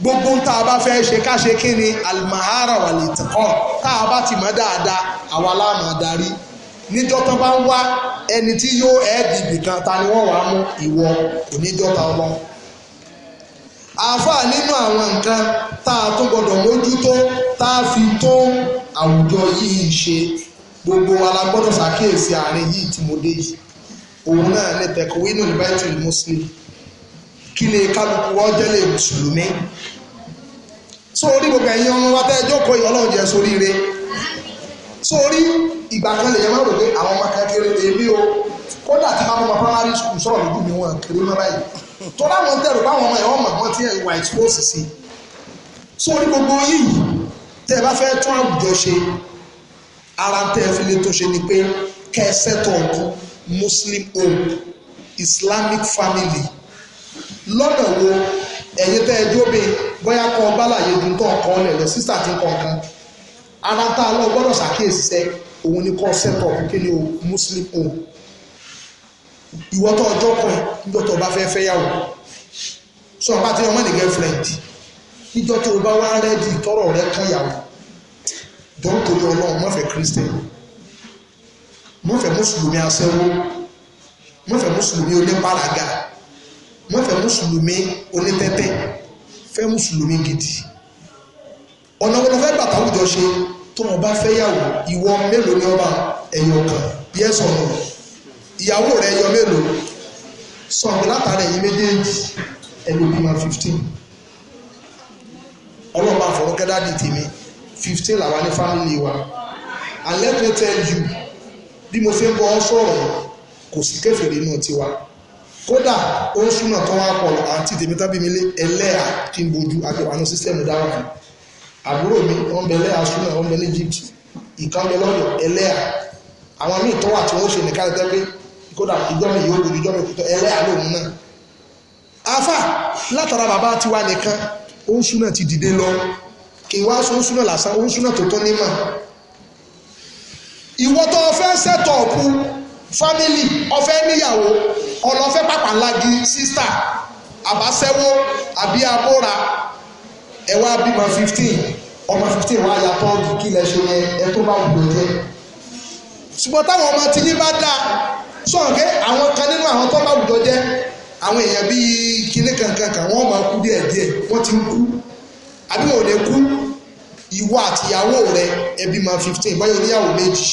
gbogbo tá a bá fẹ́ ṣe ká ṣe kí ni almahara wà lè tàn ọ́ tá a bá ti mọ̀ dáadáa àwa láàmú adarí níjọ́ tán bá ń wá ẹni tí yóò ẹ́ẹ̀dì ibìkan ta ni wọ́n wàá mú ìwọ oníjọ́ ọlọ́run àáfàá nínú àwọn nǹkan tá a tó gbọdọ̀ mójútó tá a fi tó àwùjọ yìí ṣe gbogbo wa la gbọdọ̀ ṣàkíyèsí àárín yìí tí mo dé yìí òun náà ní tẹkọwínú libaitul muslim kí lè kálukú ọjọ́ lè mùsùlùmí so orí gbogbo ẹ̀yin ọmọ wa tẹ́ ẹjọ́ kọ́ ìyọ́lọ́run jẹ́ sórí re so orí ìgbà kan lè yẹ máa rò pé àwọn ọmọ kékeré èmi o kódà tí máa mọ ọmọ primary school sọ̀rọ̀ lójú mi wọn kiri mọ́ báyìí tó láwọn tẹ̀rù báwọn ọmọ ẹ̀ ọmọ wọn ti ìwà expose sí sórí gbogbo yìí tẹ́ ẹ bá fẹ́ tún àwùjọ ṣe ara tẹ́ ẹ fi lè tó ṣe ni pé kẹ́ ẹ sẹ́tọ̀ ọ̀dún muslim home islamic family lọ́nà wo ẹ̀yin tẹ́ ẹ jóbe bóyá kọ́ bálàyé dùn tó ọkàn ọ̀lẹ̀ lọ sísà tí kọ̀ọ̀kan ara tá a lọ gbọ́dọ̀ ṣàkíyèsí sẹ́ òun ni kọ́ sẹ́tọ̀ kí ni o muslim home ìwọ tó ọjọ́ kan ẹ̀ níjọ́ tó bá fẹ́ fẹ́yàwó sọ bá ti ọmọ ní girlfriend níjọ́ tó bá wá rẹ́dì tọrọ rẹ kan yàwó dọ́n torí ọlọ́run mọ́fẹ́ christian mọ́fẹ́ mùsùlùmí aṣẹ́wó mọ́fẹ́ mùsùlùmí onípàràgà mọ́fẹ́ mùsùlùmí onítẹ́tẹ́ fẹ́ mùsùlùmí gidi ọ̀nà wọn fẹ́ bàtà àwùjọ ṣe tó wọn bá fẹ́yàwó ìwọ mélòó ni ọba ẹ̀yọ̀ kan yẹ́sọ̀rọ̀ ìyàwó rẹ̀ yọ mélòó sọ̀rọ̀ látara ẹ̀yin méjèèjì ẹ̀lò bímọ fifteen ọlọ́ọ̀bá àfọ̀rọ̀kẹ́dá di tèmi fifteen làwọn ní fámìlì wa and let me tell you bí mo fi ń bọ́ sọ̀rọ̀ kò sí kèfèrí inú tiwa kódà ó ń súnà tó wá pọ̀ àti tèmi tábí mi lé ẹlẹ́à kí n bojú àjọwànú sísẹ́mù dáhùn àbúrò mi wọ́n bẹ lẹ́à súnà wọ́n bẹ ní Egypt ìkànnì lọ́dọ̀ ẹlẹ́à àwọn míì tó wà tí wọ́n ṣe nìkan tẹ́ kódà ìjọ mi yóò lórí ìjọ mi kútọ ẹlẹ́yà lòun náà afa látara bàbá tiwa nìkan ó ń súná ti dìde lọ kì í wá sọ ń súná lásán ó ń súná tó tọ́ nímọ̀ ìwọ tó fẹ́ sẹ́tọ̀ọ̀pù fámìlì ọ̀fẹ́ níyàwó ọlọ́fẹ́ pàpàlági sísítà àbáṣẹ́wó àbí abóra ẹ̀wá bímọ fifteen ọmọ fifteen wá ya tọ́ọ̀dù kí lẹ ṣe yẹn ẹ tó bá wù lọ jẹ ṣùgbọ́n táwọn ọmọ tí yín bá dáa sọ̀rọ̀kẹ́ àwọn kan nínú àwọn tó láwùjọ jẹ́ àwọn èèyàn bíi kinní kankan kan wọ́n máa kú díẹ̀ díẹ̀ wọ́n ti ń kú àbí wọn ò lè kú ìwọ àtìyàwó rẹ ẹbí máa fifteen báyọ̀ oníyàwó méjì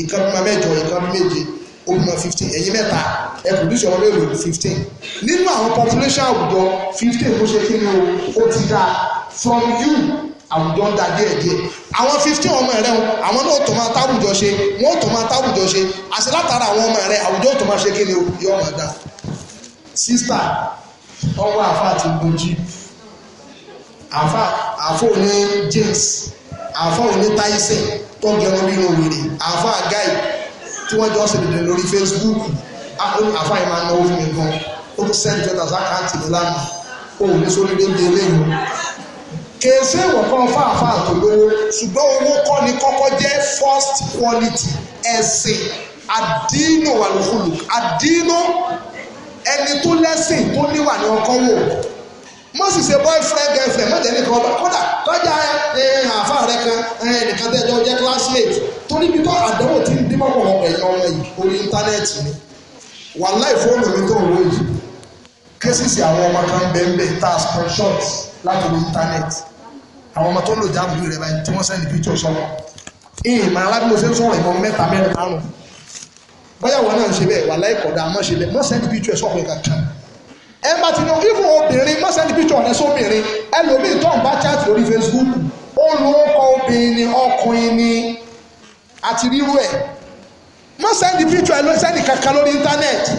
ìkan bí máa mẹ́jọ ìkan bí méje ó bí máa fifteen ẹ̀yin mẹ́ta ẹ pòdúsì ọmọ mélòó fifteen nínú àwọn population àwùjọ fifteen kó ṣe kí ni o ó ti dáa from you àwùjọ ń da díẹ̀ díẹ̀ àwọn fifteen ọmọ rẹ àwọn náà tó máa táwùjọ ṣe wọn ò tó máa táwùjọ ṣe àṣẹ látara àwọn ọmọ rẹ àwùjọ tó máa ṣe kí ni yọ ọmọ dá sísítà ọwọ́ àfa àti gbòjì àfa àfọ òní James àfa òní Tyson tọ́gẹ̀rún bínú wèrè àfa guy tí wọ́n jọ ṣe dèdè lórí Facebook àfa yìí máa náwó fún mi gan ó ti sẹ́ni tó ta sákàtì lánàá òun ní sórí déédéé lẹ́yìn kèé ṣe ìwọ̀kan fáfá àtòlówó ṣùgbọ́n owó kọ́ ni kọ́kọ́ jẹ́ first quality ẹ̀sìn àdínú àlùkùlù àdínú ẹni tó lẹ́sìn tó níwà ní ọkọ wò mo sì ṣe boyfriend girlfriend mọ̀jẹ̀ nìkan ọba kódà kọjá àfa rẹ kan ẹnìkan tẹ́ jọ jẹ́ classmate torí bí kọ́ àdánwò tí ń dín mọ́pọ̀ ọmọ ẹ̀yìn ọmọ yìí orí íńtánẹ́ẹ̀tì ni wàláì fóònù mi tó wọ́ yìí késìsì àwọn ọmọ kan bẹ́ẹ̀ bẹ́ẹ̀ tá a screenshot láti orí íńtánẹ́ẹ̀tì àwọn ọmọ tó lò jáàbù rẹ̀ báyìí tí wọ́n sẹ́ni píjọ sọ́wọ́ ìyìn máa lábí mo ṣe ń sọ̀rọ̀ ìmọ̀ mẹ́ta mẹ́rin márùn bóyá wọn náà ń ṣe bẹ́ẹ̀ wà láì kọ̀dá àmọ́ ṣe bẹ́ẹ̀ mọ́ sẹ́ni píjọ ẹ̀ sọ́kùnrin kankan ẹ bá ti yan ifo obìnrin mọ́ sẹ́ni píjọ rẹ̀ sóbìnrin ẹlòmíì tó ń bá chat lórí Facebook ó lo ọkọ obìnrin ọkùnrin ni àti rírú ẹ̀ mọ́ sẹ́ni píjọ ẹ̀ lọ sẹ́ni kankan lórí íńtánẹ́ẹ̀tì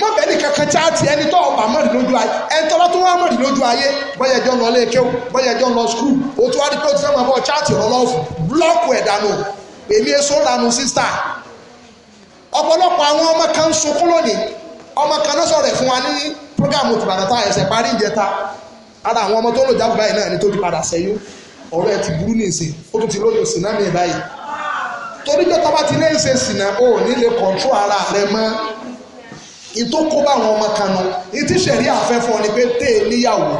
mọ́ bẹ́ẹ̀ ni kankan chaati ẹni tó ọba mọ́rin ayé ẹni tó wá mọ́rin ayé bóyá lọ ilé kéwù bóyá lọ skul o tún wá rí pé o ti fẹ́ bọ́ chaati ọlọ́ọ̀fù búlọ́ọ̀kù ẹ̀dánù èmi èso lanu sísá ọ̀pọ̀lọpọ̀ àwọn ọmọ kan ń sunkún lónìí ọmọ kan náà sọ̀rọ̀ fún wa ní programu tìbàdàn tá parí ìjẹta ara àwọn ọmọ tó lò jáde náà ìtó kó bá àwọn ọmọ kan nu ìtí sẹ̀rí àfẹ́fọ́ ni pé tẹ́ ẹ níyàwó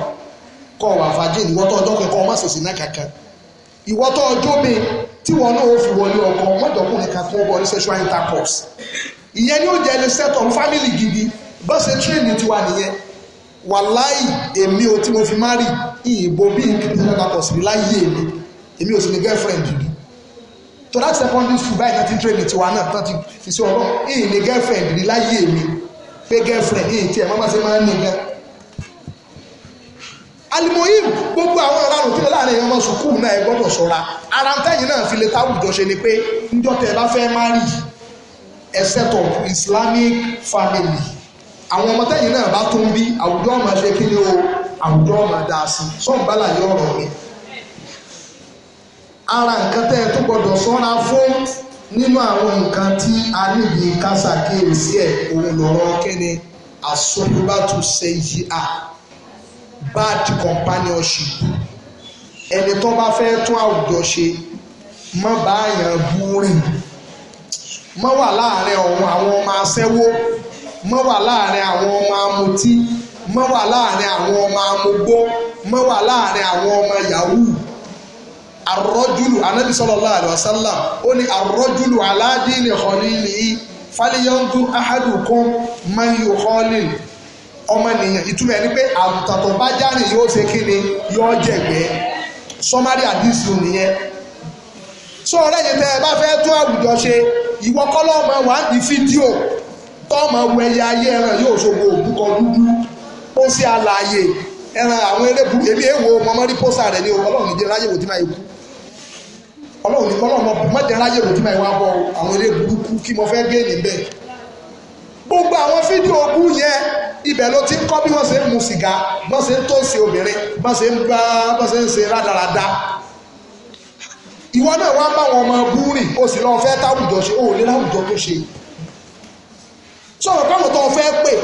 kọ́ wà fàájì ìwọ́tọ̀ ọjọ́ kẹ́kọ́ ọmọ ṣèṣì náà kankan ìwọ́tọ̀ ọjọ́ mi tí wọn náà ó fi wọlé ọkọ mọ́jọ́kùnrin kan fún ọgbọ́n sexual intercourse ìyẹn ni ó jẹ́ ẹni set on family gidi bó ṣe tírénì ti wà nìyẹn wàláì èmi ò tí mo fi má rí ìyìnbó bí sexual intercourse girlfriend gidi tó láti secondary school báyìí náà ti tírénì tiwa náà tán ti fi sí ọ̀rọ̀ ìyìn ní girlfriend rí láyé pé girlfriend yìí tiẹ̀ mọ́mọ́ sí máa ń nìkan. alimoyim gbogbo àwọn ọ̀rarùn tí mo láàrin èèyàn ọmọ sùkúù náà ẹ gbọ́dọ̀ ṣọ́ra ara ń tẹ̀yìn náà fi lè táwùjọ ṣe ni pé níjọ́ tẹ́ ẹ bá fẹ́ má rí ẹ set up Islamic family àwọn ọmọ tẹ̀yìn náà bá tún bí àwùjọ ọmọ ṣe kí ni o àwùjọ ọmọ dáa sí sọ́ọ̀nbálà yọ ọ̀rọ̀ mi ara nǹkan tẹ́ ẹ tó gbọ́dọ̀ ṣọ́ra fún nínú àwọn nǹkan tí a níbi kásákèésí ẹ̀ òun lọ́rọ̀ kẹ́ni àsọ̀rọ̀bátú ṣẹ́yí à bad companionship ẹni tó bá fẹ́ tún àwùjọ ṣe má bá àyàn bú rìn má wà láàrin ọ̀hún àwọn ọmọ aṣẹ́wó má wà láàrin àwọn ọmọ amutí má wà láàrin àwọn ọmọ amugbó má wà láàrin àwọn ọmọ yahoo arrojulu anabi sallallahu alaihi wasallam ó ní arrojulu aládìní khalili faliyandu ahadukum man yukhalil ọmọnìyàn ìtumọ̀ ẹni pé àgùntàn tó bá jáde yóò ṣe kí ni yóò jẹ̀gbẹ́ sọmárì àdìsí nìyẹn sọ ọ̀rẹ́ yìí tẹ́ ẹ bá fẹ́ tún àwùjọ ṣe ìwọ kọ́lọ́ ọmọ wa ń di fídíò tọ́mọ wọ ẹyẹ ayé ẹran yóò ṣògo òbúkọ dúdú ó sì àlàyé ẹran àwọn eré bu èmi èèwọ̀ mọ́mọ́rí pósà rẹ̀ ní ọlọ́run ìdí ráyè wò tí máa yẹ kú ọlọ́run ní kọ́lọ́ lọ mọ́tẹ́rá yèrò tí màá wá bọ̀ àwọn eré burúkú kí mo fẹ́ gé níbẹ̀ gbogbo àwọn fídíò ogún yẹn ibẹ̀ ló ti ń kọ́ bí wọ́n ṣe ń mu sìgá bọ́n ṣe ń tó ṣe obìnrin bọ́n ṣe ń gbá bọ́n ṣe ń ṣe rádaràda ìwọ náà wá bá wọn ọmọ búrìn o sì lọ fẹ́ táwùjọ ṣe o ò lè láwùjọ tó ṣe sọ̀rọ̀ káwọn tó fẹ́ pè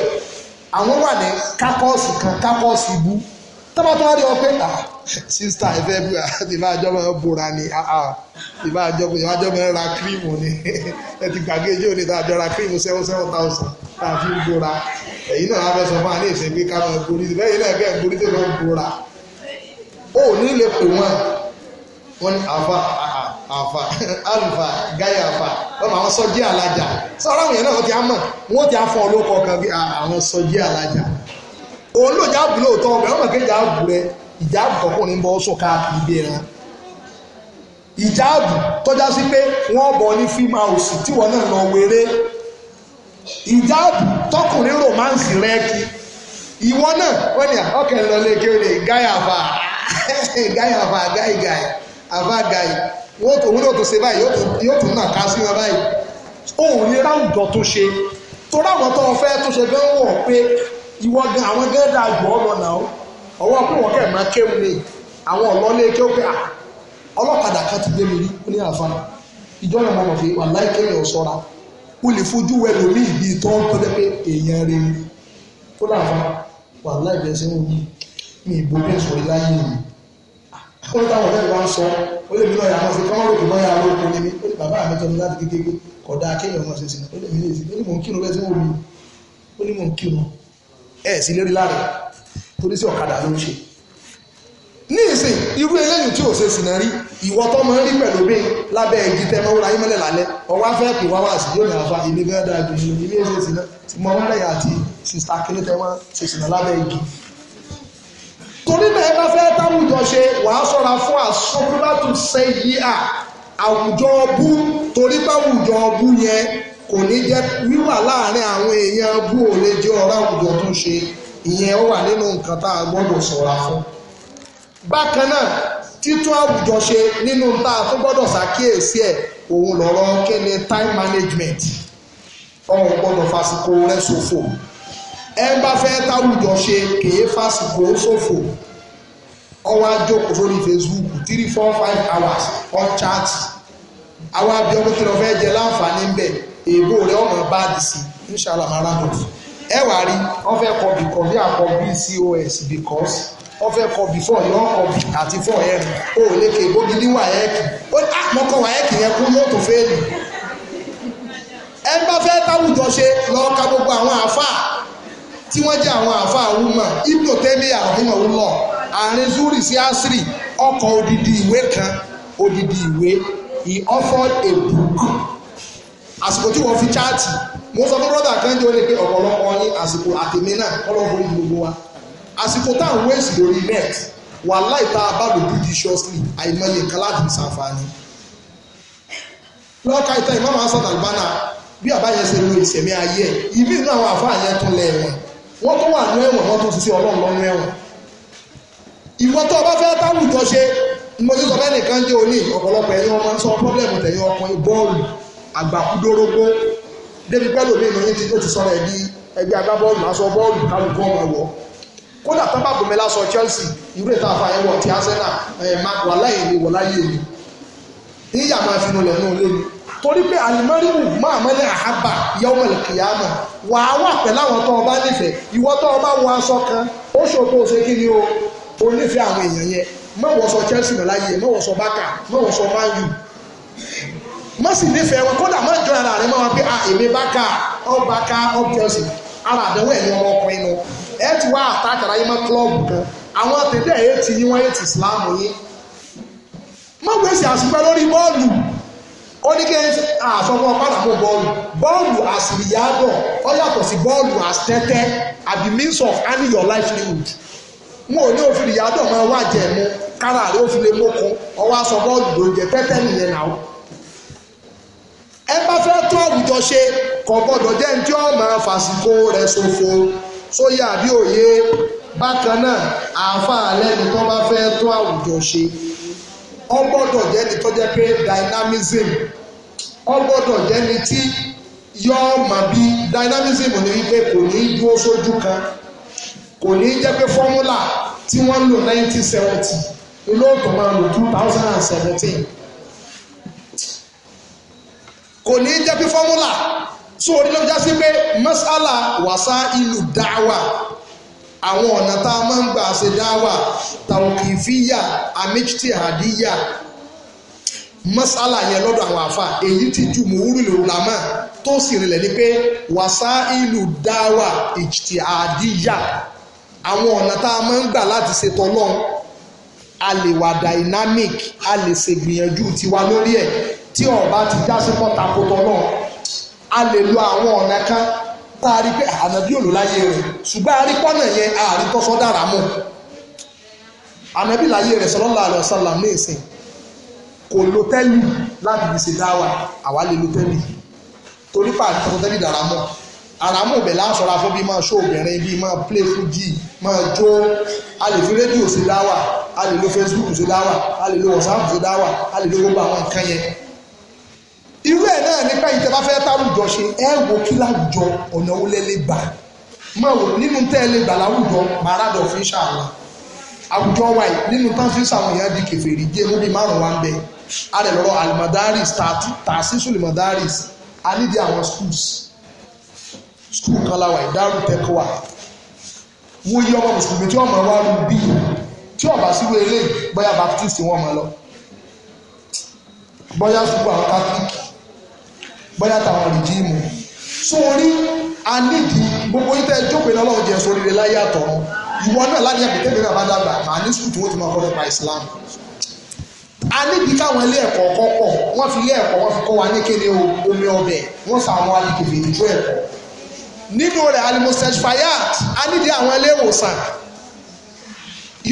àwọn wà ní kákọ́ọ̀sì kan kákọ́ọ̀sì ibú tọ́ba tó rí ọ pé ah, sísítà ẹ̀fẹ́ bí ìbá àjọmọ̀ bora ni ìbá ah, ah. àjọmọ̀ ìbá àjọmọ̀ ra kírímù ni ẹ ti gbàgbé ijó ni tá a jọ ra kírímù seven seven thousand tá a fi ń bora èyí náà wàá fẹ́ sọ fún wa ní ìfẹ́ pé ká máa borí ti bẹ́ẹ̀ náà kẹ́ ẹ̀ borí tó lọ bora ó ní lè pè wọ́n wọ́n ní àfa àfa àlùfà gáyà àfa ọmọ àwọn sọjí alájà sọ̀rọ̀ àwọn yẹn náà wọ́n ti á mọ̀ wọ́n ti á fọ́ olóko kan bí ah, àwọn sọjí alájà òun ló jà bùrẹ̀ òótọ́ ọ̀gbẹ́ ọmọ kejì á bùrẹ̀ ìjáàbù tọkùnrin bọ́ sùn káàkiri bí ẹran ìjáàbù tọ́já sí pé wọ́n bọ̀ ní fíìmù àwòsì tí wọ́n náà lọ wéré ìjáàbù tọkùnrin romance rẹ kí ìwọ náà wọ́n ní ọkẹ́ ah, ń lọ lé kéwìrè gáyà fà gáyà fà gáyì gáyì àfà gáyì wọ́n tó wúlò tó ṣe báyìí yóò tún náà ká sí wọn báyìí òun ní ráwùjọ tó ṣe tó ráwùjọ tó fẹ́ tó ṣe fẹ́ wọ̀ pé ìwọ gan àwọn gẹ́gẹ́ dàgbọ́ lọ náà ọwọ́ pé wọ́n kẹ́ẹ̀ máa kéwù ni àwọn ọ̀lọ́lé kí ó pé ọlọ́kadà kan ti gbé mi rí ó ní àfa ìjọ náà mọ̀ pé wà láì kéèyàn sọ́ra ó lè fojú wẹ lómi ìbí tó ń tọ́jú pé èèyàn rẹ̀ ni ó láfa wà láì bẹ́ẹ̀ sẹ́wọ̀n yìí ní ìbò bí ẹ̀sùn láyé yìí ó ní táwọn ọ̀rẹ́ ń sọ ó lè mi náà yàrá sí kọ́mọ́ rògbò mọ́ yàrá òkú ni mi ó lè bàbá mi tọ́jú láti kékeré kódà kéèyàn wọn ṣe sí ó lè mi lè sí ó ní mò ń kírun bẹ́ẹ̀ sẹ́wọ̀n mi ó ní mò ń kírun ẹ̀ sí lérí láàrin torí sí ọ̀kadà ló ń ṣe ní ìsìn irú eléyìí tí ò ṣe sì náà rí ìwọ tó máa ń rí pẹ̀lú bí lábẹ́ igi tẹ́ mọ́wúra yín mọ́lẹ̀ lálẹ́ ọwọ́ afẹ́ pè wá wá sí yóò ní àfa èmi gan dáa ju ní ilé ìṣe sí náà tí mo wọ́n rẹ̀yà àti sista kiri tẹ́ wọ́n ṣe sì lábẹ́ igi. torí náà bá fẹ́ táwùjọ ṣe wàá sọ̀ra fún àsọkúbátù sẹ́yìí à àwùjọ ọbú torí táwùjọ ọbú yẹn kò ní jẹ́ wíwà láàárín àwọn èèyàn ọbú ò ọ̀rọ̀ àwùjọ tó ṣe ìyẹn wà nínú nǹkan tá a gbọ́dọ̀ ṣọ́ra fún bákan náà títún àwùjọ ṣe nínú tá a tó gbọ́dọ̀ ṣàkíyèsí ẹ̀ òun lọ́rọ̀ kéde time management ọ̀hún gbọ́dọ̀ fásikò rẹ̀ ṣòfò ẹ bá fẹ́ táwùjọ ṣe kèé fásikò ṣòfò ọwọ́ àjòkó sórí Facebook three four five hours on chat àwọn abiyọ́kú tí wọ́n fẹ́ jẹ láǹfààní ń bẹ̀ èèbò rẹ̀ ọ̀nà bá dì sí inṣàlá màrán lọ́fù ẹ wà rí wọ́n fẹ́ kọ bìkọ́ bí àkọ́ bí cos because wọ́n fẹ́ kọ before yọ ọkọ̀ bí àti fọ́ ẹ̀ o ò lè ké bógi ní wàyẹ́ẹ̀kì ó ní àmọ́kọ̀ ah, wàyẹ́ẹ̀kì yẹn kú yóò tó fẹ́ẹ̀lì ẹ ń bá fẹ́ táwùjọ ṣe lọ́ọ́ ka gbogbo àwọn àáfàá tí wọ́n jẹ́ àwọn àáfàá wúmọ̀ ibnu tẹ́lẹ̀ àfihàn wúmọ̀ àárín zuri sí asiri ọkọ̀ odidi ìwé kan odidi ìwé he offered a book àsìkò tí wọ́n fi chaati mo sọ fún brọ́dà kan jẹ́ ó lè pe ọ̀pọ̀lọpọ̀ yín àsìkò àtẹ̀mí náà kọ́lọ́fọ́ yìí gbogbo wa àsìkò tá à ń wéèsì lórí net wà láì tá a bá lò judiciously àìmọye nǹkan láti ṣàǹfààní. lọ́ọ̀ka ìta Imam Hasan Albana bí àbáyẹn ṣe lo ìṣẹ̀mí ayé ẹ̀ ìmí inú àwọn àfáà yẹn tún lẹ ẹ̀wọ̀n wọ́n tó wà ní ẹ̀wọ̀n wọ́n tó ti sí ọlọ́run lọ́nu ẹ̀wọ̀n. ìwọ tó bá fẹ́ táwùjọ ṣe mo ti sọ fẹ́ nìkan jẹ́ òní ọ̀pọ̀lọpọ̀ ẹ̀yin ọmọ ń sọ pọ́blẹ́mù tẹ̀yìn ọkùnrin bọ́ọ̀lù àgbàkúdórógbó débi pẹ́lú mi ìròyìn tí ó ti sọ̀rọ̀ ẹ̀ di ẹgbẹ́ agbábọ́ọ̀lù aṣọ bọ́ọ̀lù kálukú ọmọ ẹ̀wọ̀ kódà tán bá bòmí lásọ Chelsea ìwé ìta àfa ẹ̀wọ̀ ti Arsenal ẹ̀ máa wà láyé mi wọ̀ láyé mi níyà máa fi nulẹ̀ náà lé mi torí pé alimọ́ríwù máa mọ́lẹ̀ àhábà yẹ́wọ̀mọ̀lẹ̀ kìyàmọ̀ wà á wà pẹ̀lú àwọn tó ọba nífẹ̀ẹ́ ìwọ tó ọba wọ aṣọ kan ó ṣòkó ṣe kí ni o ò nífẹ̀ẹ́ àwọn èèyàn yẹn mọ̀wọ́sọ Chelsea mọ̀ láyé mọ̀wọ́sọ Barca mọ̀wọ́sọ Man U má sì nífẹ̀ẹ́ wọn kódà má jọ ara rẹ mọ́ wọn pé à èmi bá ká ká ara àdánwò ẹ̀yìn nu ẹ ti wá àtàkàrà yín mọ́ kílọ̀bù kan àwọn àtẹ̀dẹ́ ẹ̀ ti yín wọ́n ti ìsìláàmù yín má wẹ́sì àsìpẹ́ lórí bọ́ọ̀lù ó ní kí àfọwọ́ padà mú bọ́ọ̀lù bọ́ọ̀lù yàtọ̀ sí bọ́ọ̀lù àbí means of your livelihood wọn ò ní òfin fẹ́ tó àwùjọ ṣe kò gbọ́dọ̀ jẹ́ ní tí ó máa fàsìkò rẹ̀ ṣòfò sóyè àbí òye bákan náà àáfàá lẹ́ni tó bá fẹ́ tó àwùjọ ṣe ọ gbọ́dọ̀ jẹ́ ní tó jẹ́ pé dynamism ọ gbọ́dọ̀ jẹ́ ní tí yóò máa bí dynamism ní wípé kò ní í dúró sójú kan kò ní í jẹ́ pé fọ́múlà tí wọ́n ń lò 1970 seventy ilé òtò máa lò two kò ní jẹ́ pé fọ́múlà so orí ló fi já sí pé masala wàsá ìlú dáwà àwọn ọ̀nà tá a máa ń gbà ṣe dáwà tàwùkìfíyà amíjítì àdíyà masala yẹn lọ́dọ̀ àwọn àfa èyí tí ju mòwúrì lòlámà tó sì rìnlẹ̀ ni pé wàsá ìlú dáwà ìjìtì àdíyà àwọn ọ̀nà tá a máa ń gbà láti ṣe tọ́lọ́run a lè wà dynamic a lè ṣègbìyànjú tiwa lórí ẹ̀ tí ọba ti já sí pọ̀tàkùtọ̀ náà a lè lo àwọn ọ̀nà kan tá a rí pé ànábì òlò láyé rẹ̀ ṣùgbọ́n a rí pọ́nà yẹn a rí tọ́sọ́ dára mọ́ ànábì láyé rẹ̀ sallallahu alaihi wasallam ní ìsìn kò lo tẹ́lì láti fi ṣe dáwà àwa lè lo tẹ́lì torí pàdé tọ́sọ́ tẹ́lì dára mọ́ àràmù bẹ̀ láṣọra fún bí máa ṣó obìnrin bí máa play fújì máa jó a lè fi rédíò ṣe dáwà a lè lo Facebook ṣe dáwà a lè lo WhatsApp ṣe dáwà a lè lo gbogbo àwọn nǹkan yẹn irú ẹ̀ náà nípa yìí tẹ́ bá fẹ́ táwùjọ ṣe ẹ wo kí láwùjọ ọ̀nà wo lẹ lè gbà mọ̀ wò nínú tẹ́ ẹ lè gbà láwùjọ màrádọ̀ fi ń ṣàwọn àwùjọ wa yìí nínú tán fi ń ṣàwọn èèyàn di kèfèrí díẹ̀ lórí márùn wa ń bẹ arẹ lọ́rọ̀ alimadaris tàṣísù alimadaris a nídìí àwọn schools school kan láwa yìí dárú tẹ́kọ̀wá wọ́n yí ọmọ mùsùlùmí tí ọmọ wa rú bí tí ọba sí wo eléyìí bóyá baptist wọn mọ lọ bóyá sùkú àwọn catholic bóyá táwọn rìdíìmù sórí anídìí gbogbo yìí tẹ́ jókòó iná ọlọ́run jẹ́ sórí rẹ̀ láyé àtọ̀run ìwọ náà láti ẹ̀kọ́ tẹ́lẹ̀ náà bá dàgbà màá ní sùkúù tí wọ́n ti máa kọ́ nípa Islam anídìí káwọn ilé ẹ̀kọ́ kọ́ pọ̀ wọ́n fi ilé ẹ̀kọ́ wọ́n fi kọ́ wa ní kéde omi ọbẹ̀ wọ́n fa àwọn alìkèfè ìjú ẹ̀kọ́ nínú rẹ̀ alimusej fayat anídìí àwọn ilé ìwòsàn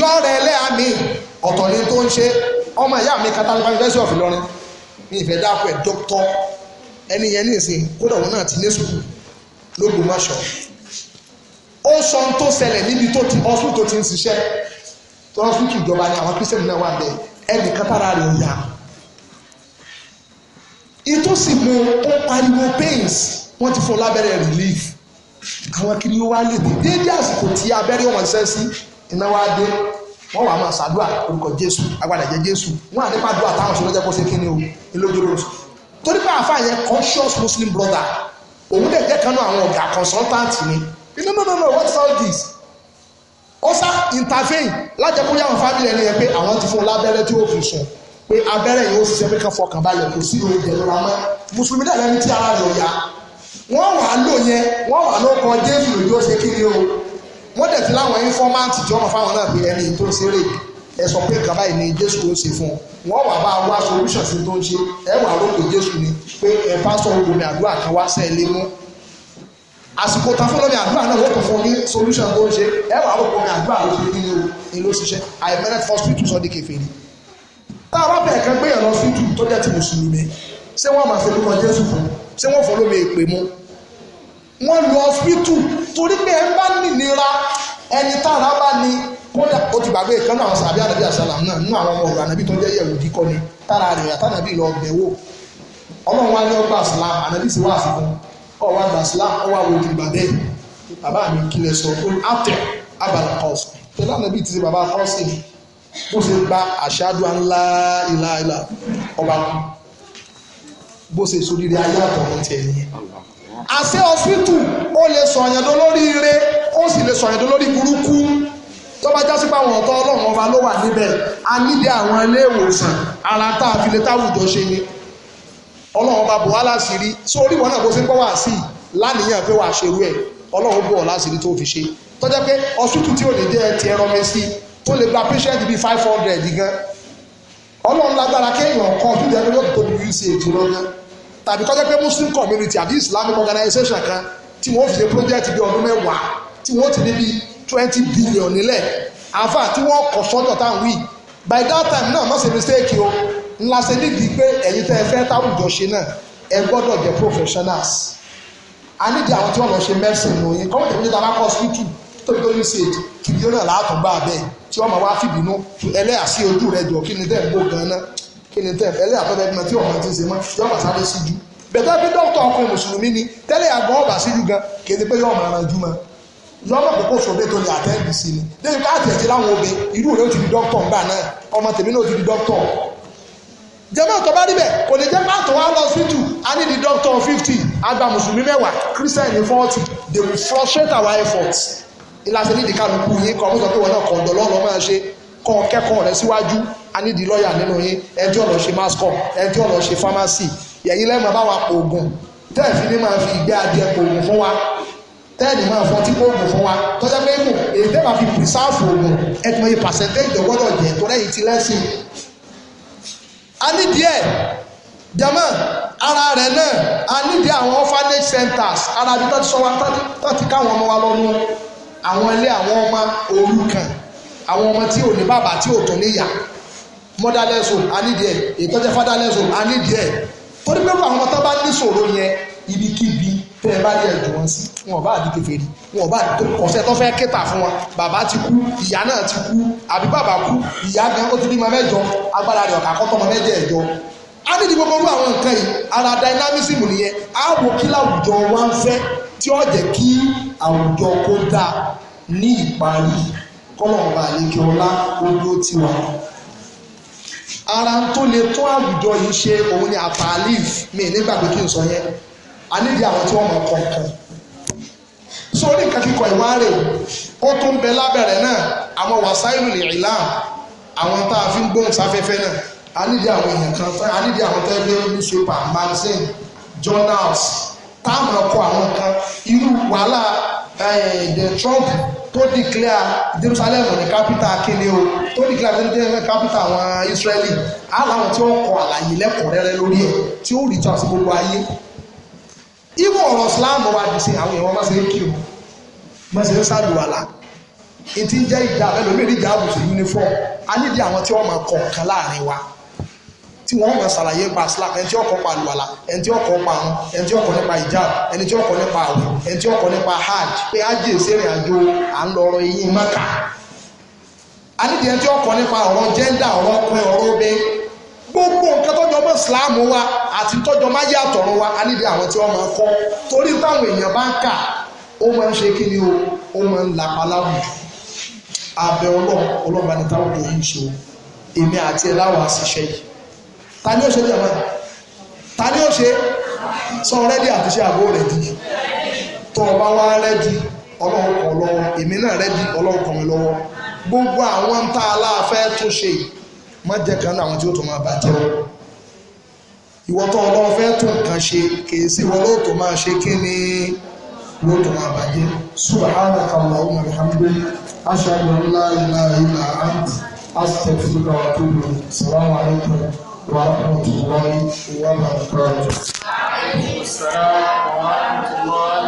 yọ rẹ̀ ẹlẹ́yà mi ọ̀tọ̀ ni tó ń ṣe ọmọ ìyá mi kátàlùkọ́ University of Ìlọrin mi ìfẹ́ dákọ̀ ẹ̀ dókítọ́ ẹni yẹn ní ìsìn kódà òun náà ti ní sùkúù lógbòmọ̀ṣọ́ ó sọ ohun tó ṣẹlẹ̀ níbi tó ti hospital tó ti ń ṣiṣẹ́ tó hospital ìjọba ni àwọn christian náà wà ń bẹ ẹnì kátàrà rẹ̀ ò yá ìtòsí mu ó pariwo pains wọ́n ti fún lábẹ́rẹ́ relief àwọn kiri wá lè dé déédé àsìkò tí abẹ́rẹ́ wọn ṣẹ́ sí iná wá dé wọ́n wàá máa ṣàdúrà orúkọ jésù agbádàjẹ́ jésù wọ́n àdépàdúrà táwọn ṣe kó ṣe kí ni o ìlójú lóṣù torí pé àfa yẹn conscious muslim brother òun dẹ̀ jẹ́ kan náà àwọn ọ̀gá consultant ni no no no no What is all this ọ̀sá intervene lájẹkúnyà àwọn family ẹni yẹn pé àwọn ti fún un lábẹ́rẹ́ tí ó fi sùn pé abẹ́rẹ́ yìí ó ṣiṣẹ́ pé kán fọkàn balẹ̀ kò sí ìròyìn ìjẹ̀lọ́ra mọ́ mùsùlùmí dẹ̀ lẹ́ni tí ara rẹ̀ ò yá wọ́n wà á lò yẹn wọ́n wà á lò kan jésù lójú ó ṣe kí ni o wọ́n dẹ̀ ti láwọn informant jọ́mọ̀ fáwọn náà pé ẹni tó ṣeré ẹ sọ pé nǹkan báyìí ni jésù ló ṣe fún un wọ́n wà bá wá solution sí tó ń ṣe ẹ wà lóko jésù ni pé ẹ pásítọ̀ ogun ni àdúrà kan wá sẹ́ẹ̀ lé mú àsìkò tá fọlọ́ ní àdúrà náà wọ́n fún ní solution tó ń ṣe ẹ wà lóko ní àdúrà ló ṣe nínú ìlú ṣiṣẹ́ àìmẹ́rẹ́ hospital sọ di kèfèrí tá a bá bẹ̀rẹ̀ kan gbé yàn lọ tó jẹ́ ti mùsùlùmí ṣé wọ́n máa fi lóko jésù fún ṣé wọ́n fọ́ ẹni tára bá ní kódà ó ti gbàgbé kan náà sàbí ànàbí àsàlám náà nínú àwọn ọmọ òrò ànàbí tó jẹ́ yẹ̀wù díkọ́ ni tára rẹ̀ yàtá ànàbí lọ bẹ̀ wò ọlọ́run wá ní ọgbà islam ànàbí sì wá àsìkò ọwọ́ àgbà islam ọwọ́ àwọn òkè ìgbà bẹ́ẹ̀ bàbá mi kílẹ̀ sọ pé àtẹ̀ abàlà kọ́ọ̀sì tẹ́lá ànàbí ti ṣe bàbá kọ́ọ̀sì bó ṣe gba àṣáájú ńlá ìlà ìlà ọba bó ṣe sóríire ayé àtọ̀run tiẹ̀ yẹn àṣẹ ọ̀fíìtù ó lè sọ̀yàn dolórí ire ó sì lè sọ̀yàn dolórí burúkú tó bá já sí pé àwọn ọ̀tọ́ ọlọ́run ọba ló wà níbẹ̀ a nídìí àwọn ilé ìwòsàn ara tá a fi lè táwùjọ ṣe ni ọlọ́run ọba bò wá láṣìírí sórí ìwọ náà bó ṣe ń gbọ́ wá sí i lánìyàn pé wàá ṣerú ẹ̀ ọlọ́run bò wá láṣìírí tó fi ṣe tọ́jà pé ọ̀ṣútù tí ò ní dé ẹ ti ẹran mi sí tó lè gba patient bíi five hundred gan ọlọ́run lágbára kéèyàn kan tó dẹnu yóò tóbi yìí ṣe ètò lọ́nà tàbí kọ́jọ́ pé muslim community àbí islamic organization kan tí wọ́n fi ṣe project bíi ọdún mẹ́wàá tí wọ́n ti ní bíi twenty billion nílẹ̀ àáfàá tí wọ́n kọ̀ sọ́dọ̀ táwọn wí by that time náà má ṣe mistake o ńlá ṣe nídìí pé ẹ̀yin tẹ́ ẹ fẹ́ táwùjọ ṣe náà ẹ gbọ́dọ̀ jẹ́ professionals a nídìí àwọn tí wọ́n lọ ṣe medicine lóyún kọ́mọ̀ tẹ̀wé níta bá kọ́ hospital tóbi tó ní ṣèdí kìdí náà láàtọ̀ bá a bẹ́ẹ̀ tí wọ́n máa wá fìbínú ẹlẹ́yà sí ojú rẹ jọ kí ni tẹ́ ẹ gbó gan-an kí ni tẹ́ ẹlẹ́yà tó bẹ́ẹ̀ tí ọ̀hún ti ṣe mọ́ yọ ọ̀bà sáré síjú bẹ̀tẹ́ bí dókítà ọkùnrin mùsùlùmí ni tẹ́lẹ̀ àgbọ̀n ọ̀bà síjú gan kéde pé yọ ọ̀mọ̀ ara jù máa lọ́nà kókó sòdè tó ní àtẹ́ǹdì sí ni débi káàtì ẹ̀tì láwọn obe irú rẹ̀ ó ti di dókítọ̀ ńgbà náà ọmọ tèmi náà ó ti di dókítọ̀ jẹ́mọ́ tó bá rí bẹ̀ kò ní jẹ́ pàtó wá lọ sí tù á ní di dókítọ̀ fifty àgbà mùsùlùmí mẹ́wàá kírísítẹ́nì forty they will frustrate our efforts ìlàsẹ̀ nídìí kálukú yín kọ́ mọ́tò pé wọn náà kọ́ ọ̀dọ́ lọ́nà máa ṣe kọ́ kẹ́kọ̀ọ́ rẹ̀ síwájú á ní di lọ́ọ̀yà nínú yín ẹ tí ọ̀nà ṣe mascom ẹ tí ọ̀nà ṣe pharmacy yẹ̀yìn lẹ́mọ̀ bá wa pòògùn tẹ́ẹ̀fì máa fi ìgbé adìẹ pòògùn fún wa tẹ́ẹ̀nì máa fọ́ tí kóògùn fún wa tọ́jà pé èyí tẹ́ máa fi pìsáàfù oògùn ẹ̀tùmọ̀ yìí pàṣẹ́ntéèjì ọgbọ́dọ̀ jẹ́ tó rẹ́yìn ti lẹ́sìn. a ní díẹ̀ jama ara rẹ̀ náà a ní díẹ̀ àwọn orphanage centers ara bí tọ́tí sọ́wọ́ tọ́tí káwọn ọmọ wa lọ́nu àwọn ilé àwọn ọmọ òrukàn àwọn ọmọ tí ò ní bàbá tí ò tó níyà motherless home a ní díẹ̀ èyí tọ́jà a ní díẹ̀ torí pé tẹ́ ẹ bá rí ẹ̀dù wọn sí wọn bá àdí kèfèrí wọn bá àdí ọ̀sẹ̀ tó fẹ́ kẹta fún wọn bàbá ti kú ìyá náà ti kú àbí bàbá kú ìyá gan ó ti bímọ mẹ́jọ agbára rẹ̀ ọ̀kà kọ́tọ́ mọ mẹ́jẹ ẹ̀jọ á nídìí gbogbo orú àwọn nǹkan yìí ara dynamism nìyẹn á wò kí láwùjọ wa ń fẹ́ tí ó jẹ́ kí àwùjọ kó dáa ní ìparí kọ́lọ̀ọ̀bà àlejò ọlá ojú ó ti wà ara tó lè tún àwùjọ yìí ṣe òun ni àtàlíf mi nígbàgbé kí n sọ yẹn a nídìí àwọn tí wọ́n mọ̀ kọ́ nǹkan so orí o kíkọ ìwá rè ó tó ń bẹ lábẹ́rẹ̀ náà àwọn wàsáìlù lè rí láàm àwọn tá a fi ń gbóhùn sáfẹ́fẹ́ náà a nídìí àwọn èèyàn kan a nídìí àwọn tẹ́lẹ̀ newspaper magazine journals táwọn ọkọ àwọn kan irú wàhálà the eh, Trump tó declare Jerusalem ní capital kíni o tó declare Jerusalem capital àwọn Israeli aláwọn tí wọ́n kọ àlàyé lẹ́kọ̀ọ́ rẹ́rẹ́ lórí ẹ̀ tí ó rí tó àti gbogbo ayé ibo ọrọ síláàmù wa di sí àwọn èèyàn wọn ṣe ń kí o wọn ṣe ń ṣàdùwàlà ètí ń jẹ́ ìjà ẹlòmíì ní ìjà uniform àwọn tí máa wa tí máa ṣàlàyé ẹni tí pa àlùwàlà ẹni tí pa ẹni tí nípa ẹni tí nípa ẹni tí nípa hajj pé hajj àjò à ń eyín ẹni tí gbogbo nǹkan tọ́jọ́ mọ́ islam wa àti tọ́jọ́ má yé àtọ̀run wa a níbi àwọn tí wọ́n máa ń kọ́ torí táwọn èèyàn bá ń kà ó máa ń ṣe kí ni o ó máa ń lapa láwùjọ abẹ ọlọ́run ọlọ́run bá ní táwọn tó ń ṣe o èmi àti ẹ láwọn àṣìṣe yìí ta ni ó ṣe jẹ́ mọ́ni ta ni ó ṣe sọ rẹ́dí àti àbó rẹ̀ di tọ́ ọba wa rẹ́dí ọlọ́run kọ̀ lọ́wọ́ èmi náà rẹ́dí ọlọ́run kọ̀ mi lọ́wọ́ gbogbo àwọn tá a láàfẹ́ tó ṣe yìí má jẹ́ kan náà àwọn tí ó tó máa bàjẹ́ ìwọ tó ọlọ́run fẹ́ tó nǹkan ṣe kìí sí ìwọ ló tó máa ṣe kí ni ló tó máa bàjẹ́ subhanaka allahumma wa bihamdika ashhadu an la ilaha illa anta astaghfiruka wa atubu